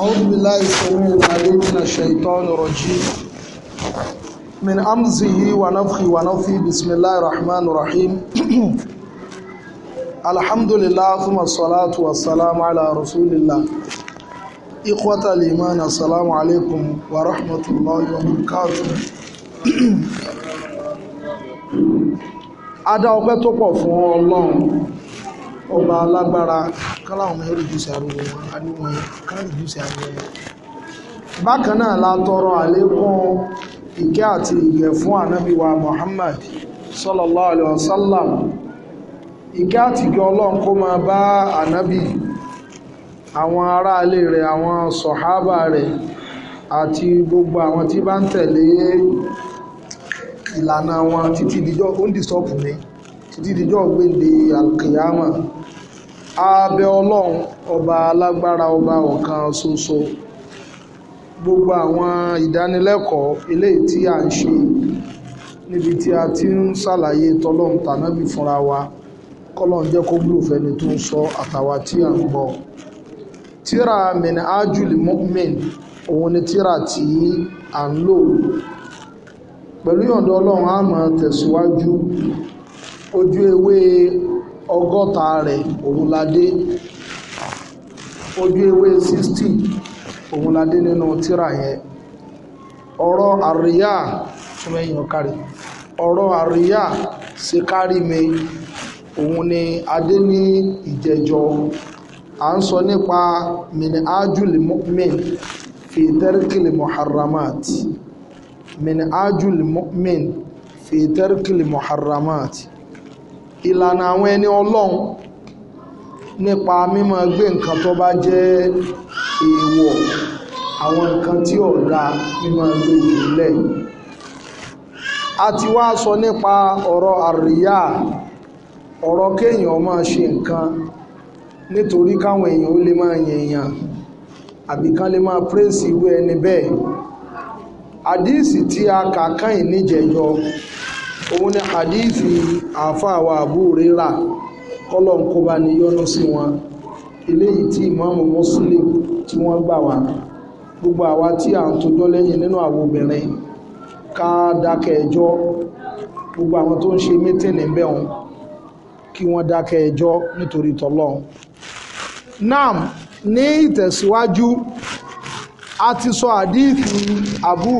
أعوذ بالله السميع العليم من الشيطان الرجيم من أمزه ونفخ ونفثه بسم الله الرحمن الرحيم الحمد لله ثم الصلاة والسلام على رسول الله إخوة الإيمان السلام عليكم ورحمة الله وبركاته adá ọpẹ́ tó pọ̀ ọba alágbára káláwọn ọmọ rìdíùsì ariwo wọn ariwo yẹn kán rìdíùsì ariwo wọn. bákan náà la tọrọ àlékún ìkẹ́ àti ìgẹ̀ fún ànábì wa Muhammad sallallahu alayhi wa sallam ìkẹ́ àti ìgẹ̀ ọlọ́run kó máa bá ànábì àwọn aráalé rẹ̀ àwọn sọ̀hábà rẹ̀ àti gbogbo àwọn tí bá ń tẹ̀lé ìlànà wọn títí díjọ́ ó ń dìsọ́pù mi títí dijọ́ gbéǹde alkiyama abẹ ọlọ́run ọba alágbára ọba ọ̀kan ṣoṣo gbogbo àwọn ìdánilẹ́kọ̀ọ́ eléyìí tí a ń ṣe níbi tí a ti ń ṣàlàyé tọlọ́run tànábì fúnra wa kọ́lọ́run jẹ́ kó gbúrò fẹ́ni tó ń sọ àtàwa tí a ń gbọ́ tíra mẹ́ni ájúlì mọ́mìn òun ni tíra tí à ń lò pẹ̀lú yọ̀ǹda ọlọ́run á tẹ̀síwájú ojú ewé ọgọ́ta rẹ̀ òun ojú ewé sixty òun la nínú tíra yẹn ọ̀rọ̀ àríyá túnmọ̀ kárí ọ̀rọ̀ àríyá ṣe kárí mi òun ni adé ní ìjẹjọ à ń sọ nípa mini ajuli fi muharramat mini fi muharramat. ìlànà àwọn ẹni ọlọ́run nípa mímọ̀ gbé nǹkan tó bá jẹ́ èèwọ̀ àwọn nǹkan tí ò gbé ìjìnlẹ̀ a ti wá sọ nípa ọ̀rọ̀ àríyá ọ̀rọ̀ kéèyàn ma ṣe nǹkan nítorí káwọn èèyàn ó lè máa yẹ̀yàn àbí lè máa irú ẹni bẹ́ẹ̀ àdíìsì tí a kà òun ni hadithi àfáàwà Abu Hurairah ni kó bá ní yọ́nú sí wọn eléyìí tí Imamu Muslim tí wọ́n gbà wá gbogbo àwa tí à ń tójọ́ lẹ́yìn nínú àwọn obìnrin ká dákẹ́ ẹjọ́ gbogbo àwọn tó ń ṣe mítìnì ń bẹ̀wọ̀n kí wọ́n dákẹ́ ẹjọ́ nítorí tọ́lọ́hun nam ní ìtẹ̀síwájú a ti sọ àdíìtì Abu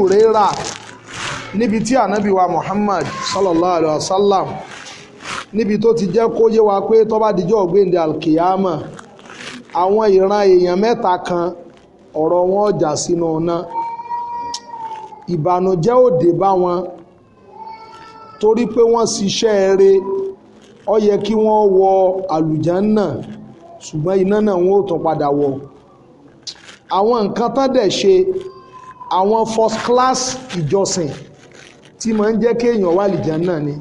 níbi tí ànábì wa Muhammad sallallahu alaihi wasallam sallam níbi tó ti jẹ́ kó yé wa pé tó bá dijọ́ ọ̀gbẹ́ndẹ̀ alkiyama àwọn ìran èèyàn mẹ́ta kan ọ̀rọ̀ wọn ọjà sínú ọ̀nà ìbànújẹ́ ò dé bá wọn torí pé wọ́n ṣiṣẹ́ eré ó yẹ kí wọ́n wọ àlùjànnà ṣùgbọ́n iná náà wọn ò tún padà wọ̀ àwọn nǹkan tán dẹ̀ ṣe àwọn first class ìjọsìn tí máa ń jẹ́ kéèyàn wà lìjẹ́ náà ni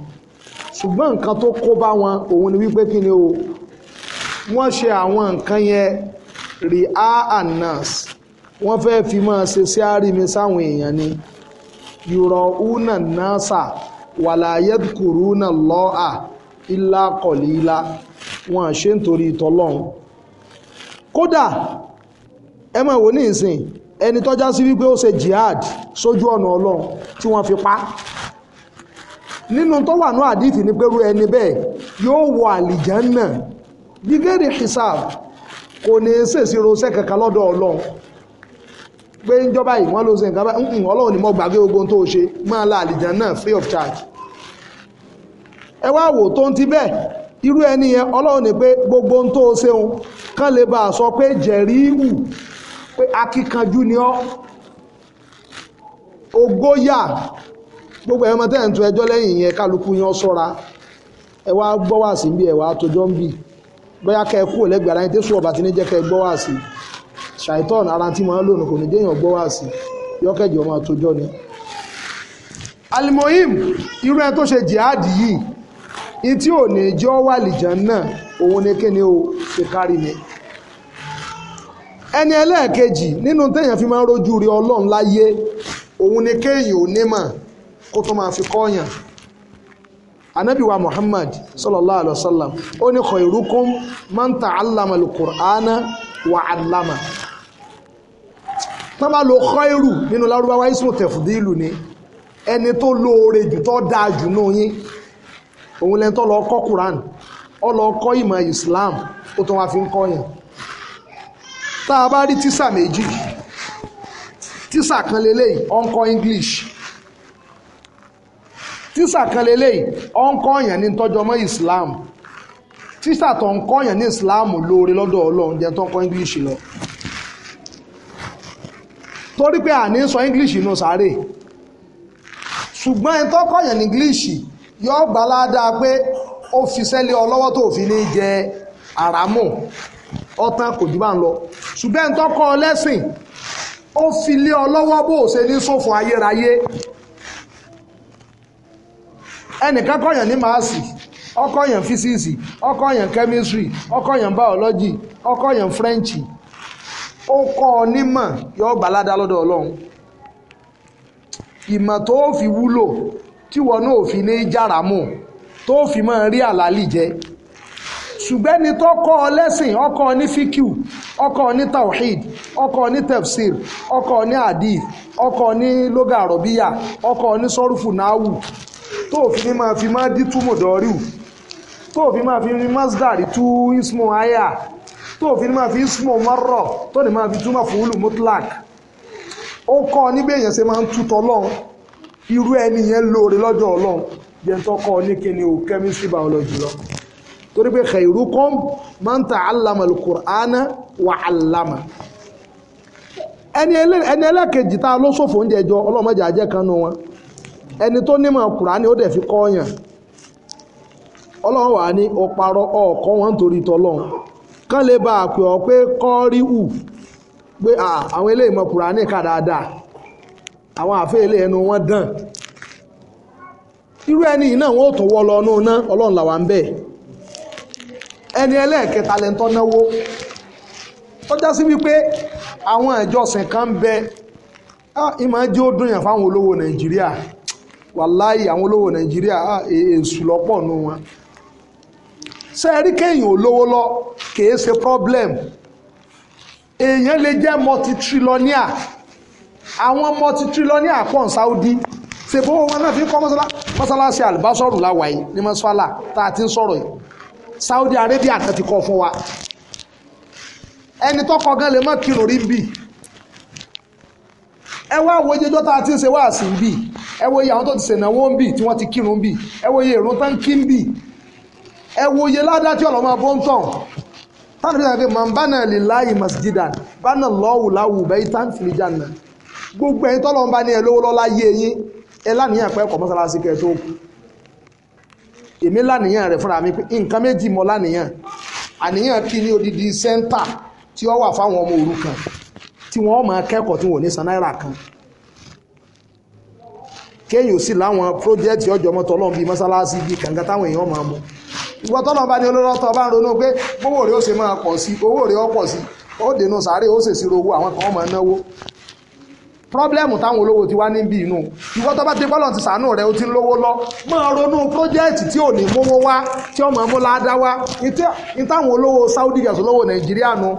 ṣùgbọ́n nǹkan tó kó bá wọn òun ni wípé kí ni o wọ́n ṣe àwọn nǹkan yẹn ria anas wọ́n fẹ́ fi máa ṣe sí àrími sáwọn èèyàn ni yùrọ̀ una nasa wàlàyé kùrú náà lọ́à ilá kọ̀lílá wọn à ṣe nítorí tọlọ́run kódà ẹ máa wò ní ìsìn ẹni tọ́já sí wípé jihad sójú ọ̀nà ọlọ́run tí wọ́n fi pa nínú tó wà ní àdìtì ní ẹni bẹ́ẹ̀ yóò wọ náà gígẹ́rì hisab kò ní ṣèṣì rosẹ́ kankan lọ́dọ̀ ọlọ́run pé ìjọba yìí wọ́n ló ṣe nǹkan báyìí ọlọ́run ni mo free of charge ẹ wá wò tó ń ti bẹ́ẹ̀ irú ẹni gbogbo ohun tó ṣeun kán lè bá a pé akíkanjú ni ọ́ ogóyà gbogbo ẹ̀yọ́ mọ́tẹ́ ẹ̀ ń tún ẹjọ́ lẹ́yìn yẹn kálukú yẹn sọ́ra ẹ wá gbọ́ wá sí bí ẹ wá tójọ́ ń bì bóyá kẹ́ ẹ kú òlẹ́gbẹ̀ẹ́ ara yín tẹ́sù ọ̀bà tí ní jẹ́ kẹ́ ẹ gbọ́ wá sí ṣàìtọ́n ara tí máa ń lòun kò ní déèyàn gbọ́ wá sí yọ́kẹ́jì ọmọ àtòjọ́ ni. alimohim irú ẹ tó ṣe jihadi yìí ní tí ò wà lìjàn náà òun ni kíni o ṣe kárí mi ẹni ẹlẹ́ẹ̀kejì nínú téèyàn fi máa ń rojú rí ọlọ́run láyé òun ni kéèyàn ò ní mà kó tó máa fi kọ́ọ̀yàn anabiwa muhammad sallallahu alaihi wasallam ó ní khairukum man ta'allama alqur'ana wa 'allama tá a bá rí tíṣà méjì tíṣà kan leléyìí ó ń English tíṣà kan leléyìí ó ń kọ́ èèyàn ní tọ́jú ọmọ Islam tíṣà tó ń kọ́ èèyàn ní Islam lóore lọ́dọ̀ Ọlọ́run jẹ́ tó ń kọ́ English lọ torí pé àní sọ English inú sáré ṣùgbọ́n ẹni tó kọ́ èèyàn ní English yóò gbà ládàá pé ó fi sẹ́lẹ̀ ọlọ́wọ́ tó fi ní jẹ àràmù ọ̀tán kò jù bá ń lọ ṣùgbọ́n tọ́kọ lẹ́sìn ó fi lé ọ lọ́wọ́ bó ṣe ní ṣòfò ayérayé ẹnìkan kọ̀yàn ní màásì ọkọ̀yàn físíìsì ọkọ̀yàn kẹ́mísírì ọkọ̀yàn báọ́lọ́jì ọkọ̀yàn fírẹ́ǹchì ó kọ́ yọ gbàládà lọ́dọ̀ ọlọ́run ìmọ̀ tó fi wúlò tí wọn náà fi ní ṣùgbọ́n ẹni tó kọ́ ọ lẹ́sìn ọkọ̀ ní fíkìú ọkọ̀ ní tawhid ọkọ̀ ní tefsir ọkọ̀ ní hadith ọkọ̀ ní ọkọ̀ ní sọ́rùfù náàwù tó fi ní fi máa dí túmọ̀ tó fi máa fi ní tú ismu aya tó fi ní fi ismu marra tó ní máa fi túmọ̀ fúlù mutlak ó kọ́ ọ èèyàn ṣe máa ń irú ẹni yẹn lóore lọ́jọ́ jẹ́ torí ha iru man ta'allama al-Qur'ana wa 'allama ẹni ẹlẹ́kejì tá ló ṣòfò oúnjẹ jọ ọlọ́mọdé ajẹ́ kan wọn ẹni tó nímọ̀ Kùránì ó dẹ̀ fi kọ́ ọ̀yàn ọlọ́run wà ní ọparọ́ ọ̀kọ́ wọn torí tọlọ́run kán lè bá àpè ọ pé kọ́ rí pé àwọn Kùránì kà dáadáa àwọn àfẹ́ ilé ẹnu ẹni ẹlẹ́ẹ̀kẹta lẹ́ńtọ́ náwó tọ́já sí wípé àwọn ìjọsìn kan ń bẹ ìmọ̀ jẹ́ ó dùn yàn fáwọn olówó nàìjíríà wàláì àwọn olówó nàìjíríà e, èsù lọ́pọ̀ nù wọn sẹ́ẹ̀rí kéèyàn olówó lọ kìí ṣe problem èèyàn lè jẹ́ multitrillionaire àwọn multitrillionaire pọ̀ ní Saudi ṣèbówó wọn náà fi kọ́ mọ́sálásí àlùbásọ́rù láwàyí ní mọ́sálà tá a ti ń sọ̀rọ̀ yìí Saudi Arabia kan ti kọ fún wa ẹni tọkọ gan lè má kírun rí bì ẹ wá wo iye tí ń ṣe wáàsí ń bì ẹ wo iye àwọn tó ti ṣènáwó ń bì tí wọ́n ti kírun ń bì ẹ wo iye èrò tán kí ń bì ẹ wo iye ládá tí ọlọ́mọ bó ń tàn màá bánà lè láàyè bánà lọ́wù láwù bẹ́ẹ̀ tán fìlì jàǹdà gbogbo èmi lánìyàn rẹ̀ fúnra mi pé nǹkan méjì mọ́ lánìyàn àníyàn kí odidi senta tí ó wà fáwọn ọmọ kan tí wọ́n máa kẹ́kọ̀ọ́ tí wọ́n ní san náírà kan kéèyàn sì láwọn pírójẹ́tì ọjọ́ mọ́tò ọlọ́run bíi mọ́sálásí bíi kàǹgá táwọn èèyàn máa mú ìwọ́n tọ́lọ́ bá ní olóró tó bá ń ronú pé owó rẹ̀ ó ṣe máa pọ̀ sí owó rẹ̀ ó pọ̀ sí ó dènà sàárè ó owó àwọn pírọ́blẹ́mù táwọn olówó ti wá níbí inú ìwọ tó bá ti bọ́lọ̀ ti sàánú rẹ̀ o ti ń lówó lọ máa ronú pírójẹ́ẹ̀tì tí ò ní mówó wá tí ọmọ amúláàdá wá ní táwọn olówó Saudi gẹ̀ẹ́sì olówó Nàìjíríà nu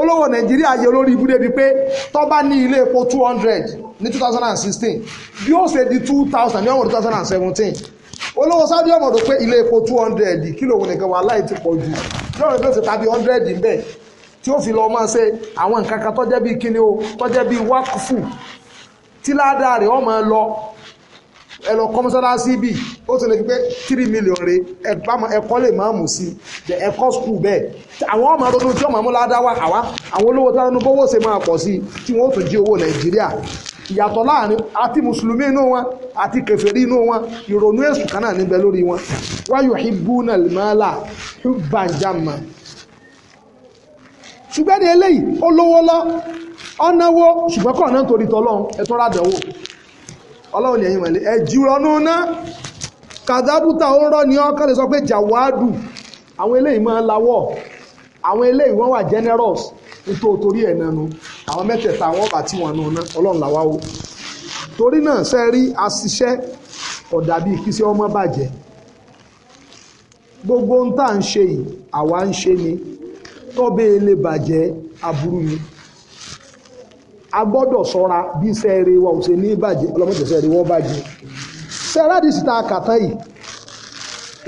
olówó Nàìjíríà yẹ olórí ibú débi pé tó bá ní ilé epo two hundred ní two thousand and sixteen bí ó ṣe di two thousand ní ọmọ two thousand and seventeen olówó Saudi ọmọdé pé ilé epo two hundred kìlò òun nìkan wà láì ti pọ̀ jù lọ́rọ̀ bí ó ti ta bí hundred bẹ́ẹ̀ tí ó fi lọ máa ṣe àwọn nǹkan kan tó jẹ́ bíi kíni o tó jẹ́ bíi wákùfù tí ládàá rẹ̀ ọmọ lọ ẹ lọ kọ́ mọ́sálásí bíi ó ti lè fi pé three million re ẹ̀kọ́ lè máa mú sí i ẹ̀kọ́ skul bẹ́ẹ̀ àwọn ọmọ ronú tí ọmọ múlá dá wà àwa àwọn olówó tí wọn bówó ṣe máa pọ̀ sí i tí wọn ó tún jí owó nàìjíríà ìyàtọ̀ láàrin àti mùsùlùmí inú wọn àti kèfèrí inú wọn ìrònú èṣù kan náà níbẹ̀ lórí wọn wáyò hibbuna al mala hubban jamma ṣùgbọ́n ní eléyìí ó lówó lọ ọ̀nàwó ṣùgbọ́n kọ̀ náà torí tọ́lọ́run ẹ̀tún rádẹ̀wò ọlọ́run ní ẹ̀yìn mọ̀lẹ́ ẹ̀jì rọnú ná kàdábùtà ó ń rọ́ ní ọkàn sọ pé jàwádù àwọn eléyìí máa lawọ́ àwọn eléyìí wọ́n wà generous nítorí torí ẹ̀ nanu àwọn mẹ́tẹ̀ẹ̀ta àwọn ọba tí wọ́n nu ná ọlọ́run làwa o torí náà ṣe rí aṣiṣẹ́ ọ̀dà bíi kí sí ọmọ bàjẹ́ gbogbo ń tà ń ṣe yìí àwa ń ṣe ni tọ́bẹ̀ ilé bàjẹ́ aburú ni a gbọ́dọ̀ sọ́ra bí sẹ́ẹ̀rẹ̀ wa ò ṣe ní bàjẹ́ ọlọ́mọdé sẹ́ẹ̀rẹ̀ wọ́n bàjẹ́ sẹ́ẹ̀rẹ́ àdìsí ta kàtá yìí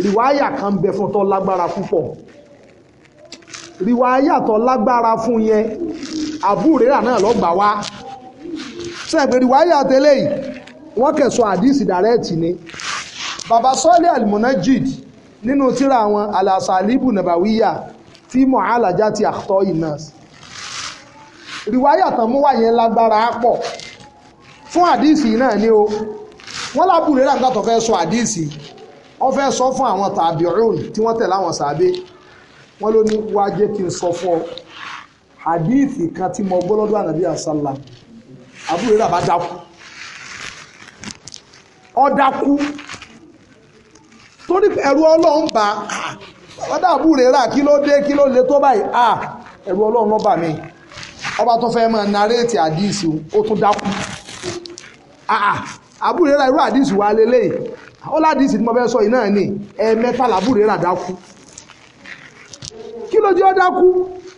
rìwáyà kan bẹ fún tó lágbára púpọ̀ rìwáyà tó lágbára fún yẹn àbúrérà náà ló gbà wá sẹ́ẹ̀pẹ̀ rìwáyà tẹ́lẹ̀ yìí wọ́n kẹsọ̀ àdìsí dàrẹ́ẹ̀tì ni bàbá sọ́ọ̀lì àlùmọ́nájìd nínú tíra àwọn àlàsàlíbù nàbàwíyà fi mọ̀hálàjá ti àtọ́ ìnáàsì ríwáyà tán mú wáyé lágbára pọ̀ fún àdíìsì náà ni o wọ́n lábùrẹ́ rà nígbà tó fẹ́ sọ àdíìsì wọ́n fẹ́ sọ fún àwọn tàbíọ̀rún tí wọ́n tẹ̀lé àwọn sàbẹ̀ wọ́n ló ní wá jẹ́ kí n sọ fún ọ kan tí mo gbọ́ lọ́dọ̀ ànàbí àsálà àbúrẹ́ rà dákú ọ torí ẹ̀rù ọlọ́run bá Ọ àbúrè rà kí ló dé kí ló le tó báyìí à ẹ̀rù ọlọ́run ló bà mí ọba tó fẹ́ máa naréètì àdìsí ó tún dákú àbúrè rà irú àdìsí wa lélẹ́yìí ó ládìsí tí mo fẹ́ sọ yìí náà ni rà dákú kí ló dákú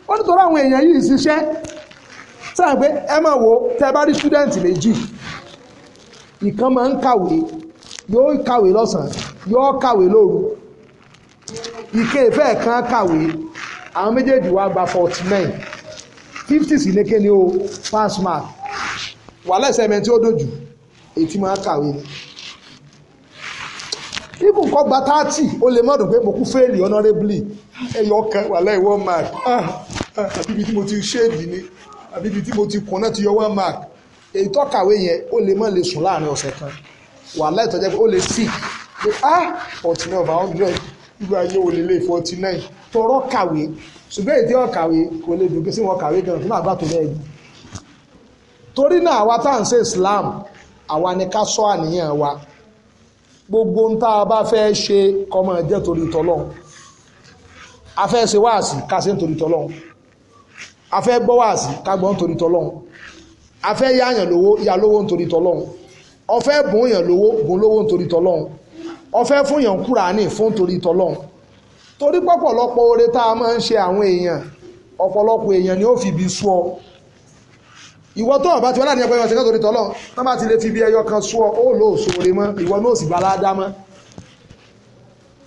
ó àwọn èèyàn yìí sáà pé ẹ tẹ bá ìkan máa ń kàwé kàwé kàwé lóru ike ìfẹ́ kan kàwé àwọn méjèèjì wá gba forty nine fifty sì lékè ní o pass mark wà lẹ́sẹ̀ mẹ́ tí ó dojú ètí máa kàwé ni ibu nǹkan gba thirty ó lè mọ̀dùn pé mo kú fẹ́ẹ̀lì honourably ẹ̀yọ̀ kan wà lẹ́yìn one mark ah, ah, àbí ibi tí mo ti ṣéèdì ni àbí ibi tí mo ti kùn náà ti yọ one mark èyí tó kàwé yẹn ó lè mọ̀ lè sùn láàrin ọ̀sẹ̀ kan wà láì pé ó lè sick pé ah forty náà over hundred irú ayé wo lélẹ̀ forty nine tọrọ kàwé ṣùgbọ́n èdè ọ̀kàwé kò lè dùn kí sí wọn kàwé gan fún àgbà tó bẹ́ẹ̀ ni torí náà àwa tá à ń ṣe Islam àwa ni ká sọ àníyàn wa gbogbo ń tá a bá fẹ́ ṣe kọ́mọ jẹ́ torí tọ́lọ́hún a fẹ́ ṣe wáàsí ká ṣe nítorí tọ́lọ́hún a fẹ́ gbọ́ wáàsí ká gbọ́ nítorí tọ́lọ́hún a fẹ́ yáyàn lówó yá lówó nítorí tọ́lọ́hún ọ̀fẹ́ bùn yàn lówó bùn lówó nítorí tọ́lọ́hún ọfẹ́ fún yàn Kùránì fún torí tọlọ́hun torí pọ̀pọ̀lọpọ̀ oore tá a máa ń ṣe àwọn èèyàn ọ̀pọ̀lọpọ̀ èèyàn ni ó fi bí sú ọ ìwọ tó ọ̀bá ti wọ́n láti ẹgbẹ́ ìwọ̀n torí tọlọ́hun tó bá ti lè fi bí ẹyọ kan sú ọ ó lò sóore mọ́ ìwọ náà sì balada mọ́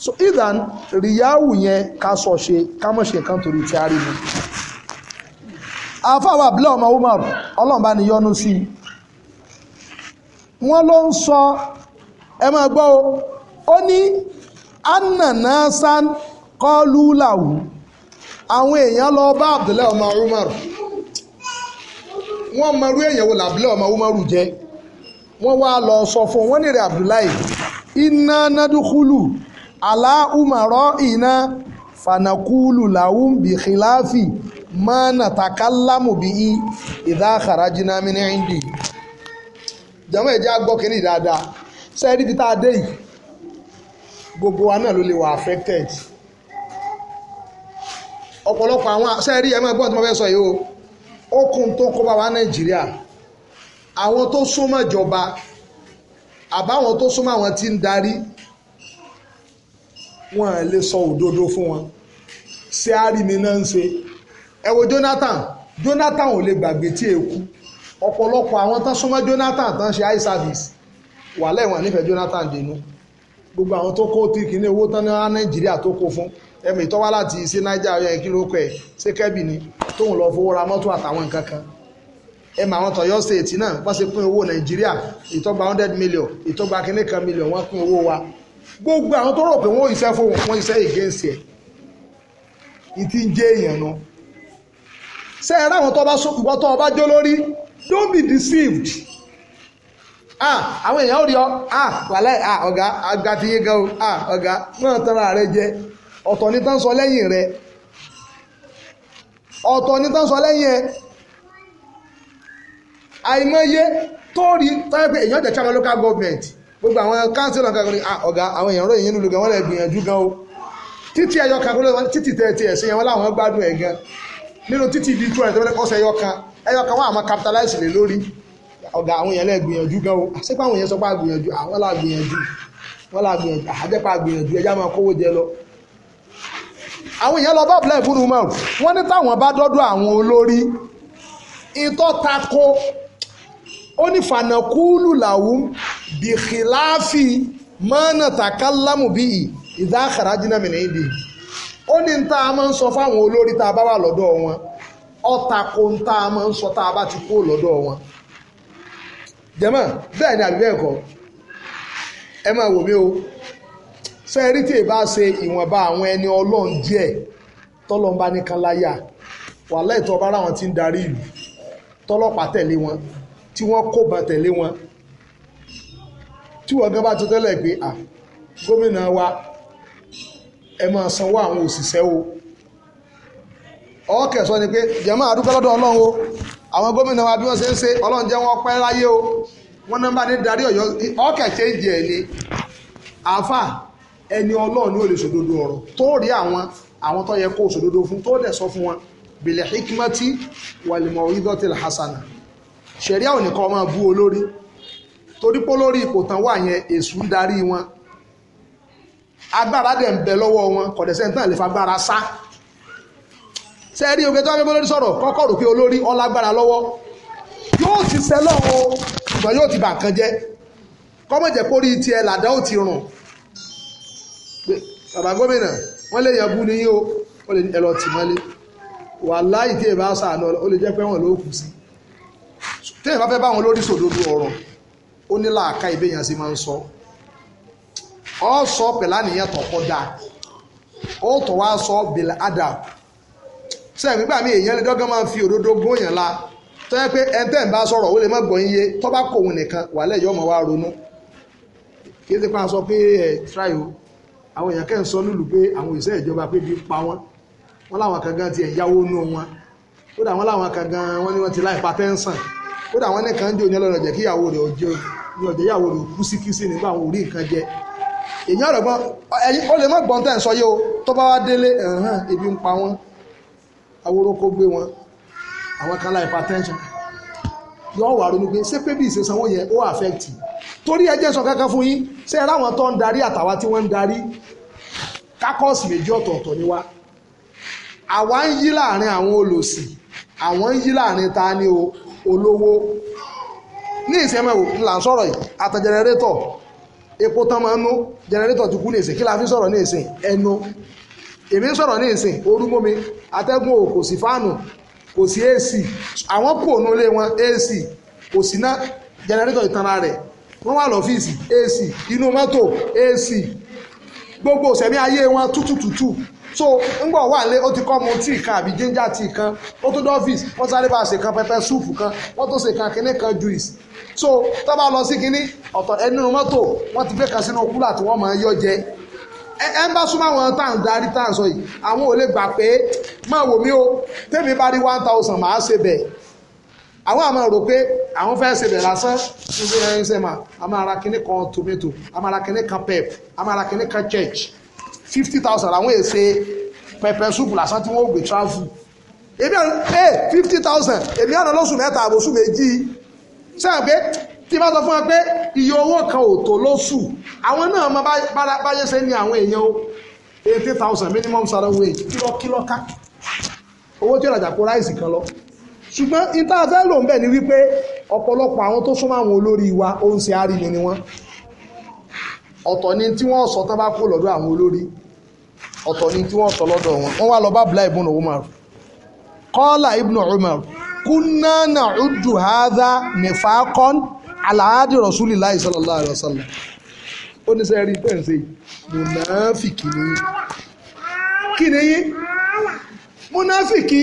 so idan ríyáwù yẹn ká sọ ṣe ká mọ̀ ṣe nǹkan torí ti ari mu afáwà abúlé ọmọ Umar Ọlọ́run bá ní yọ́nú sí i wọ́n ló ń sọ ẹ máa gbọ́ ó ní anana san kọlu làwù àwọn èèyàn lọ bá Abdullahi ọmọ Umaru wọ́n mọrú èèyàn wò làbílẹ̀ ọmọ Umaru jẹ́ wọ́n wá lọ sọ fún wọn ní rẹ̀ Abdullahi iná nadukulu alá umarọ iná fanakulu làwùn bí khilafi ma na takalamu bi i ìdá kharajina min indi jama ìjà gbọ́ kínní dáadáa sẹ́ẹ̀rí bíi tá a dé yìí gbogbo wa náà ló lè wà affected ọ̀pọ̀lọpọ̀ àwọn sẹ́ẹ̀rí ẹ̀mọ́ ẹ̀gbọ́n tí mo fẹ́ sọ yìí o ó kún tó kó bá wa nàìjíríà àwọn tó súnmọ́ ìjọba àbáwọn tó súnmọ́ àwọn tí ń darí wọn lè sọ òdodo fún wọn ṣé àrìmí náà ń ṣe ẹ wo Jonathan Jonathan ò lè gbàgbé tí èkú ọ̀pọ̀lọpọ̀ àwọn tó súnmọ́ Jonathan tó ń ṣe high service wà lẹ́wọ̀n nífẹ̀ẹ́ Jonathan dènú. No gbogbo àwọn tó kó tí kìíní owó tán ní nàìjíríà tó kó fún ẹ̀mí tó wá láti ṣe náíjà ọyọ kí ló kọ ẹ̀ ṣé kẹ́bì ni tóun lọ fowó ra mọ́tò àtàwọn nǹkan kan ẹ̀mí àwọn tọ̀yọ́ state náà wọ́n ṣe pín owó nàìjíríà ìtọ́gba hundred million ìtọ́gba kìíní kan million wọ́n pín owó wa gbogbo àwọn tó rò pé wọ́n iṣẹ́ fóun wọ́n iṣẹ́ against ẹ̀ ìtì ń jẹ́ èèyàn nu ṣé ẹ ráwọn tó bá sọ ìwọ́ tó bá jó lórí don't be deceived ah àwọn èèyàn ò rí ọ ah wàhálà ah ọ̀gá àgbà ah, ọ̀gá náà rẹ jẹ ọ̀tọ̀ ní tán sọ lẹ́yìn rẹ ọ̀tọ̀ ní tán sọ lẹ́yìn ẹ àìmọye tó rí táyé pé èèyàn jẹ chairman local government gbogbo àwọn councilor kankan ah ọ̀gá àwọn èèyàn ròyìn nílùú gan lè gbìyànjú gan o títí ẹyọ kan kúrò wọn títí wọn gbádùn ẹ gan ọ̀gá àwọn èèyàn lẹ́gbìyànjú gan o àṣepá àwọn èèyàn sọ pé àgbìyànjú àwọn làgbìyànjú wọn làgbìyànjú àjẹpá àgbìyànjú ẹjá máa kówó jẹ lọ. àwọn èèyàn lọ bá Abdullahi ibn Umar wọ́n ní táwọn bá dọ́dọ̀ àwọn olórí ìtọ́ tako ó ní fanakulu làwùm bìkìláfì mọ́nà tàkàlámù bíi ìdá àkàràjìnà mìíràn ìdí ó ní ní tá a máa ń sọ fáwọn olórí tá a bá wà lọ́dọ̀ wọn ọ̀tàkùn tá a máa ń sọ tá a bá ti kó lọ́dọ̀ wọn jẹ́mọ̀ bẹ́ẹ̀ ni àbí bẹ́ẹ̀ kọ́ ẹ máa wò mí o sẹ́ẹ̀rí tí èbá ṣe ìwọ̀nba àwọn ẹni ọlọ́run díẹ̀ tọ́lọ́mbá ní kan láyà wà lẹ́ẹ̀tọ́ ọba ráwọn tí ń darí ìlú tọ́lọ́pàá tẹ̀lé wọn tí wọ́n kó bá tẹ̀lé wọn tí wọ́n gan bá tó tẹ́lẹ̀ pé à gómìnà wa ẹ máa sanwó àwọn òṣìṣẹ́ o ọ̀ọ́kẹ̀ sọ ni pé jẹ̀mọ́ àdúgbò lọ́dọ̀ ọlọ́run o àwọn gómìnà wa bí wọ́n ṣe ń ṣe ọlọ́run jẹ́ wọ́n pẹ́ láyé o wọ́n nọ́mbà ní darí ọ̀yọ́ ọ̀kẹ́ ṣéǹjì ẹ̀ ni àáfà ẹni ọlọ́run ni ó lè ṣòdodo ọ̀rọ̀ tó rí àwọn àwọn tó yẹ kó ṣòdodo fún tó dẹ̀ sọ fún wọn bìlẹ̀ hikmati wàlìmọ̀ ìdọ́tìlì hasana ṣẹ̀ríà ò nìkan máa bú olórí torí pé olórí ipò tán wà yẹn èṣù ń darí wọn agbára dẹ̀ ń bẹ lọ́wọ́ wọn kọ̀dẹ̀sẹ̀ ń tàn lè fagbára sá ṣe rí oge tó wá gbé lórí sọ̀rọ̀ kọ́kọ́ rò pé olórí ọlágbára lọ́wọ́ yóò ti ṣe lọ́wọ́ ṣùgbọ́n yóò ti bà nǹkan jẹ́ kọ́mọ̀ jẹ́ kórí tiẹ̀ làdá ò ti rùn bàbá gómìnà wọ́n lè yan bú ni o ó lè ẹ lọ tì mọ́lé wàláì tí èèbá sàánú ó lè jẹ́ pé wọ́n ló kù sí tí èèbá fẹ́ bá wọn lórí sòdodo ọ̀rọ̀ ó ní làákà ìbéèyàn sí máa ń sọ ọ sọ pẹ̀lú àníyàn tọ̀kọ́ dáa ó tọ̀ wá sọ bìlà ádàbù sẹ́yìn gbígbà mi èèyàn lè dọ́gán máa fi òdodo gbóyàn la tó yẹ pé ẹni tẹ́ ń bá sọ̀rọ̀ ó lè má gbọ́n iye tó bá kò òun nìkan wàhálẹ̀ yóò mọ̀ wá ronú kí ẹ ti pa sọ pé ẹ tíráì o àwọn èèyàn kẹ́ sọ lùlù pé àwọn ìṣe ìjọba pé bí pa wọ́n wọ́n láwọn kan gan ti ẹ̀yáwó nú wọn ó dà wọ́n láwọn kan gan wọ́n ní wọ́n ti láì pa tẹ́ńsàn ó dà wọ́n nìkan jò ní ọlọ́run jẹ́ kíyàwó rẹ̀ ọjọ́ ní ọjọ́ ìyàwó rẹ̀ kú sí kí sí nígbà àwọn orí nǹkan jẹ èèyàn rẹ̀ gbọ́n ó lè má gbọ́n tẹ́ ń sọ yé aworoko gbé wọn àwọn kan la hypertension yóò wà ronú pé ṣé pé bí ìṣesanwó yẹn ó affect torí ẹ jẹ́ sọ kankan fún yín ṣé ẹ ráwọn tó ń darí àtàwa tí wọ́n ń darí kákọ́ọ̀sì méjì ọ̀tọ̀ọ̀tọ̀ ni wá àwa ń yí láàrin àwọn olòṣì àwọn ń yí láàrin ta ni olówó ní ìsẹ́mẹ̀ là ń sọ̀rọ̀ yìí àtàn jẹnẹrétọ̀ epo tán máa ń nú jẹnẹrétọ̀ ti kú ní ìsìn kí la fi sọ̀rọ̀ ní ìsìn ẹnu èmi ń sọ̀rọ̀ ní ìsìn ooru mi atẹ́gùn o kò sí fáànù kò sí ac àwọn kò nú ilé wọn ac kò sí ná jẹnẹrétọ̀ ìtanra rẹ̀ wọ́n wà lọ́fíìsì ac inú mọ́tò ac gbogbo ìṣẹ̀mí ayé wọn tútù so ńgbọ̀ wa le ó ti kọ́ mu tíì kan àbí jíńjà tíì kan ó tó dọ́fíìsì wọ́n sáré bá ṣe kan pẹpẹ súùpù kan wọ́n tó ṣe kan kinní kan juice so tó bá lọ sí kinní ọ̀tọ̀ ẹnu mọ́tò wọ́n ti gbé kan sínú kúlà tí wọ́n máa yọ jẹ ẹ ń bá súnmọ́ àwọn tá à ń darí tá à ń sọ yìí àwọn ò lè gbà pé máa wò mí o tèmi bá rí one thousand màá ṣe bẹ́ẹ̀ àwọn àmọ́ rò pé àwọn fẹ́ ṣe bẹ́ẹ̀ lásán ṣe ẹyin ṣe mà a máa ra kinní kan tomato a máa ra kinní kan pep a máa ra kinní kan church fifty thousand àwọn èsè pẹpẹ soup lásán tí wọ́n gbé travel èmi àná eh, fifty thousand èmi àná lóṣù mẹ́ta àbòsù méjì sẹ́yìn pé tí bá sọ fún wa pé iye owó kan ò tó lóṣù àwọn náà máa báyé ṣe ní àwọn èèyàn o minimum salary wage kílọ̀kílọ̀ ká owó tí ó rajà kó ráìsì kan lọ ṣùgbọ́n ìta afẹ́ lò ń bẹ̀ ni wípé ọ̀pọ̀lọpọ̀ àwọn tó súnmọ́ àwọn olórí wa ó ń ṣe àríyìn ni wọ́n ọ̀tọ̀ ni tí wọ́n sọ tán kó lọ́dọ̀ àwọn olórí ọ̀tọ̀ ni tí wọ́n sọ lọ́dọ̀ wọn wọ́n wá lọ bá Abdullahi ibn Umar qala ibn Umar kunna na'uddu hadha nifaqan aláàdì rọ̀súlì láì sọ̀lọ́lá rẹ̀ sọ̀lọ́ ó ní sẹ́ẹ̀rí pẹ̀nsẹ̀ mùnáfìkì ni yín kí ni yín mùnáfìkì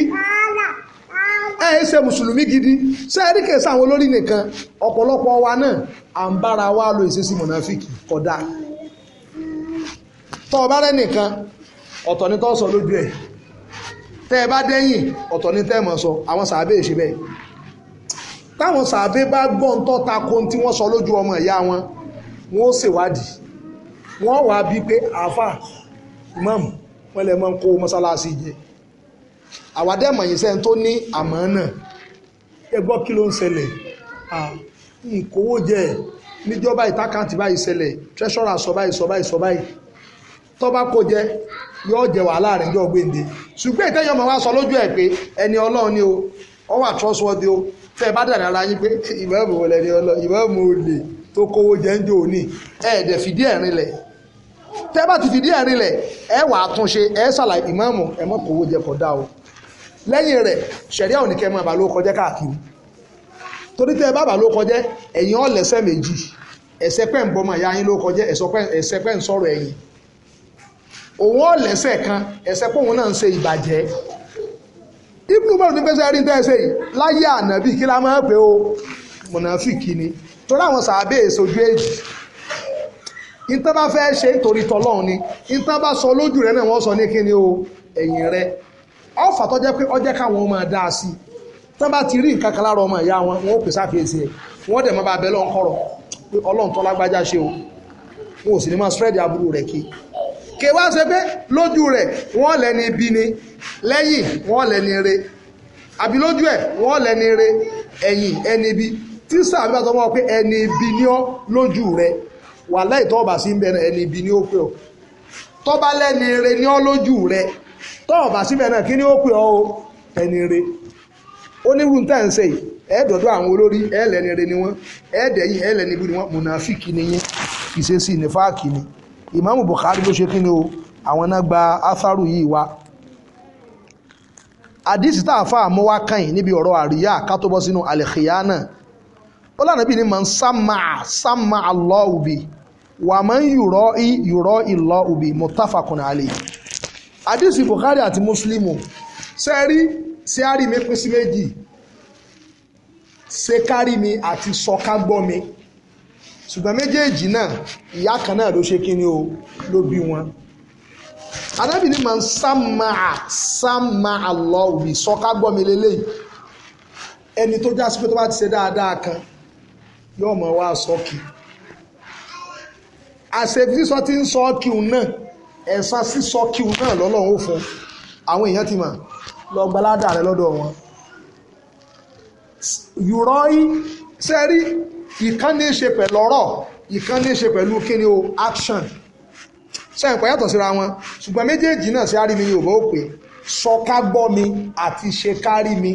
ẹ ẹ ṣe mùsùlùmí gidi sẹ́ẹ̀rí kẹsàn àwọn olórí nìkan ọ̀pọ̀lọpọ̀ wa náà à ń bára wa lo ìṣesí mùnáfìkì kódà tọ́ ọ nìkan ọ̀tọ̀ ni tọ́ sọ lójú ẹ̀ tẹ́ ẹ bá dẹ́yìn ọ̀tọ̀ ni tẹ́ mọ̀ sọ àwọn sàábẹ̀ ṣe bẹ́ẹ̀ táwọn sàbẹ bá gbọ́n tó ta ko tí wọ́n sọ lójú ọmọ ìyá wọn wọ́n ó ṣèwádìí wọ́n wàá bíi pé àáfà mọ́mù wọ́n lè mọ́ kó mọ́sálásí jẹ àwàdẹ́ mọ̀yìnsẹ́ tó ní àmọ́ náà ẹ gbọ́ kí ló ń ṣẹlẹ̀ ìkówó jẹ níjọba ìtàkàntì báyìí ṣẹlẹ̀ tẹ́ṣọ́rà sọ báyìí sọ báyìí sọ báyìí tọ́ba kó jẹ yóò jẹ wàhálà rẹ̀ jọ gbéǹde ṣùgbọ́n ìtẹ́yọmọ wa sọ lójú ẹ̀ pé ẹni ọlọ́run ni o wà trustworthy o tẹ́ ẹ bá dànù ara yín pé ìmáàmù wọlé ni ọlọ ìmáàmù olè tó kówó jẹ ń jò ní ẹ ẹ̀dẹ̀ fìdí ẹ̀ rinlẹ̀ tẹ́ ẹ bá ti fìdí ẹ̀ rinlẹ̀ ẹ wà á túnṣe ẹ ṣàlàyé ìmáàmù ẹ mọ̀ kówó jẹ kódà o lẹ́yìn rẹ̀ ṣẹ̀ríà ò ní kẹ́ máa bà ló kọjá káàkiri torí tẹ́ ẹ bá bà ló kọjá ẹ̀yin ọ̀lẹ́sẹ̀ méjì ẹ̀sẹ̀ pẹ́ ń bọ́mọ ìyá yín ló kọjá ẹ̀sẹ̀ pẹ́ ń sọ̀rọ̀ ẹ̀yìn òun ọ̀lẹ́sẹ̀ kan ẹ̀sẹ̀ pé òun náà ń ṣe ìbàjẹ́ ibùdó mọ́rùn ní pẹ́sẹ́ rí tẹ́ẹ̀sẹ̀ yìí láyé ànábì kí la máa pè ó mọ̀nàfíkì ni torí àwọn sàábẹ̀ èso èjì ìtàn bá fẹ́ ṣe nítorí tọlọ́run ni ìtàn bá sọ lójú rẹ náà wọ́n sọ ní kíni o ẹ̀yìn rẹ ọ̀fà tó jẹ́ pé ọjẹ́ káwọn ọmọ dá a sí tán bá ti rí nǹkan kan lára ọmọ ìyá wọn wọn ò pè sáfìyèsí ẹ̀ wọ́n dẹ̀ mọ́ bá abẹ́ o wọn ò sì ní máa kí wá ṣe pé lójú rẹ̀ wọ́n lẹ́ni ibi ni lẹ́yìn wọ́n lẹ́ni re àbí lójú ẹ̀ wọ́n lẹ́ni re ẹ̀yìn ẹni ibi tí sáà bíbá tó mọ̀ pé ẹni ibi ni ọ́ lójú rẹ̀ wàláhì tó bá sí ń bẹ̀rẹ̀ ẹni ibi ni ó pè ọ́ tó bá lẹ́ni re ni ọ́ lójú rẹ̀ tó bá sí bẹ̀rẹ̀ kí ni ó pè ọ́ ẹni re onírú tá à ń ṣe yìí ẹ̀ẹ́dọ̀dọ̀ àwọn olórí ẹ̀ẹ́lẹ́ni re ni wọ́n ẹ̀ẹ́dẹ̀yìn ẹ̀ẹ́lẹ́ni ibi ni wọ́n mùnàfíkì ni yín ìṣesí ní fáàkì ni ìmáàmù Bukhari ló ṣe kí ni o àwọn náà gba asaru yìí wá àdìsí tá a fa àmúwá kàn níbi ọ̀rọ̀ àríyá ká bọ́ sínú àlèkìyá náà ó lànà bí ni mà ń sàmà sàmà àlọ́ òbí wà mà ń yùrọ́ í yùrọ́ ìlọ́ òbí mutafakun alẹ́ àdìsí Bukhari àti Muslimu sẹ́rí sẹ́rí mi pín sí méjì ṣe kárí mi àti sọ́ká gbọ́ mi ṣùgbọ́n méjèèjì náà ìyá kan náà ló ṣe kíni o ló bí wọn. anábì ní màá sàmà sàmà àlọ́ òbí sọ́ká gbọ́ mi lélẹ́yìí ẹni tó jásí pé tó bá ti ṣe dáadáa kan yóò mọ̀ wá sọ́ọ̀kì àṣefisọ́ tí ń sọ́ọ̀kì náà ẹ̀sán sí sọ́ọ̀kì náà lọ́lọ́run ó fún àwọn èèyàn ti mà lọ gbaládà rẹ lọ́dọ̀ wọn. yùrọ́ yìí sẹ́rí ìkan ní í ṣe pẹ̀lú ọ̀rọ̀ ìkan ní í ṣe pẹ̀lú kíni o action ṣe ìpẹ́ yàtọ̀ síra wọn ṣùgbọ́n méjèèjì náà sí àrími Yorùbá ó pè sọká gbọ́ mi àti ṣe kárí mi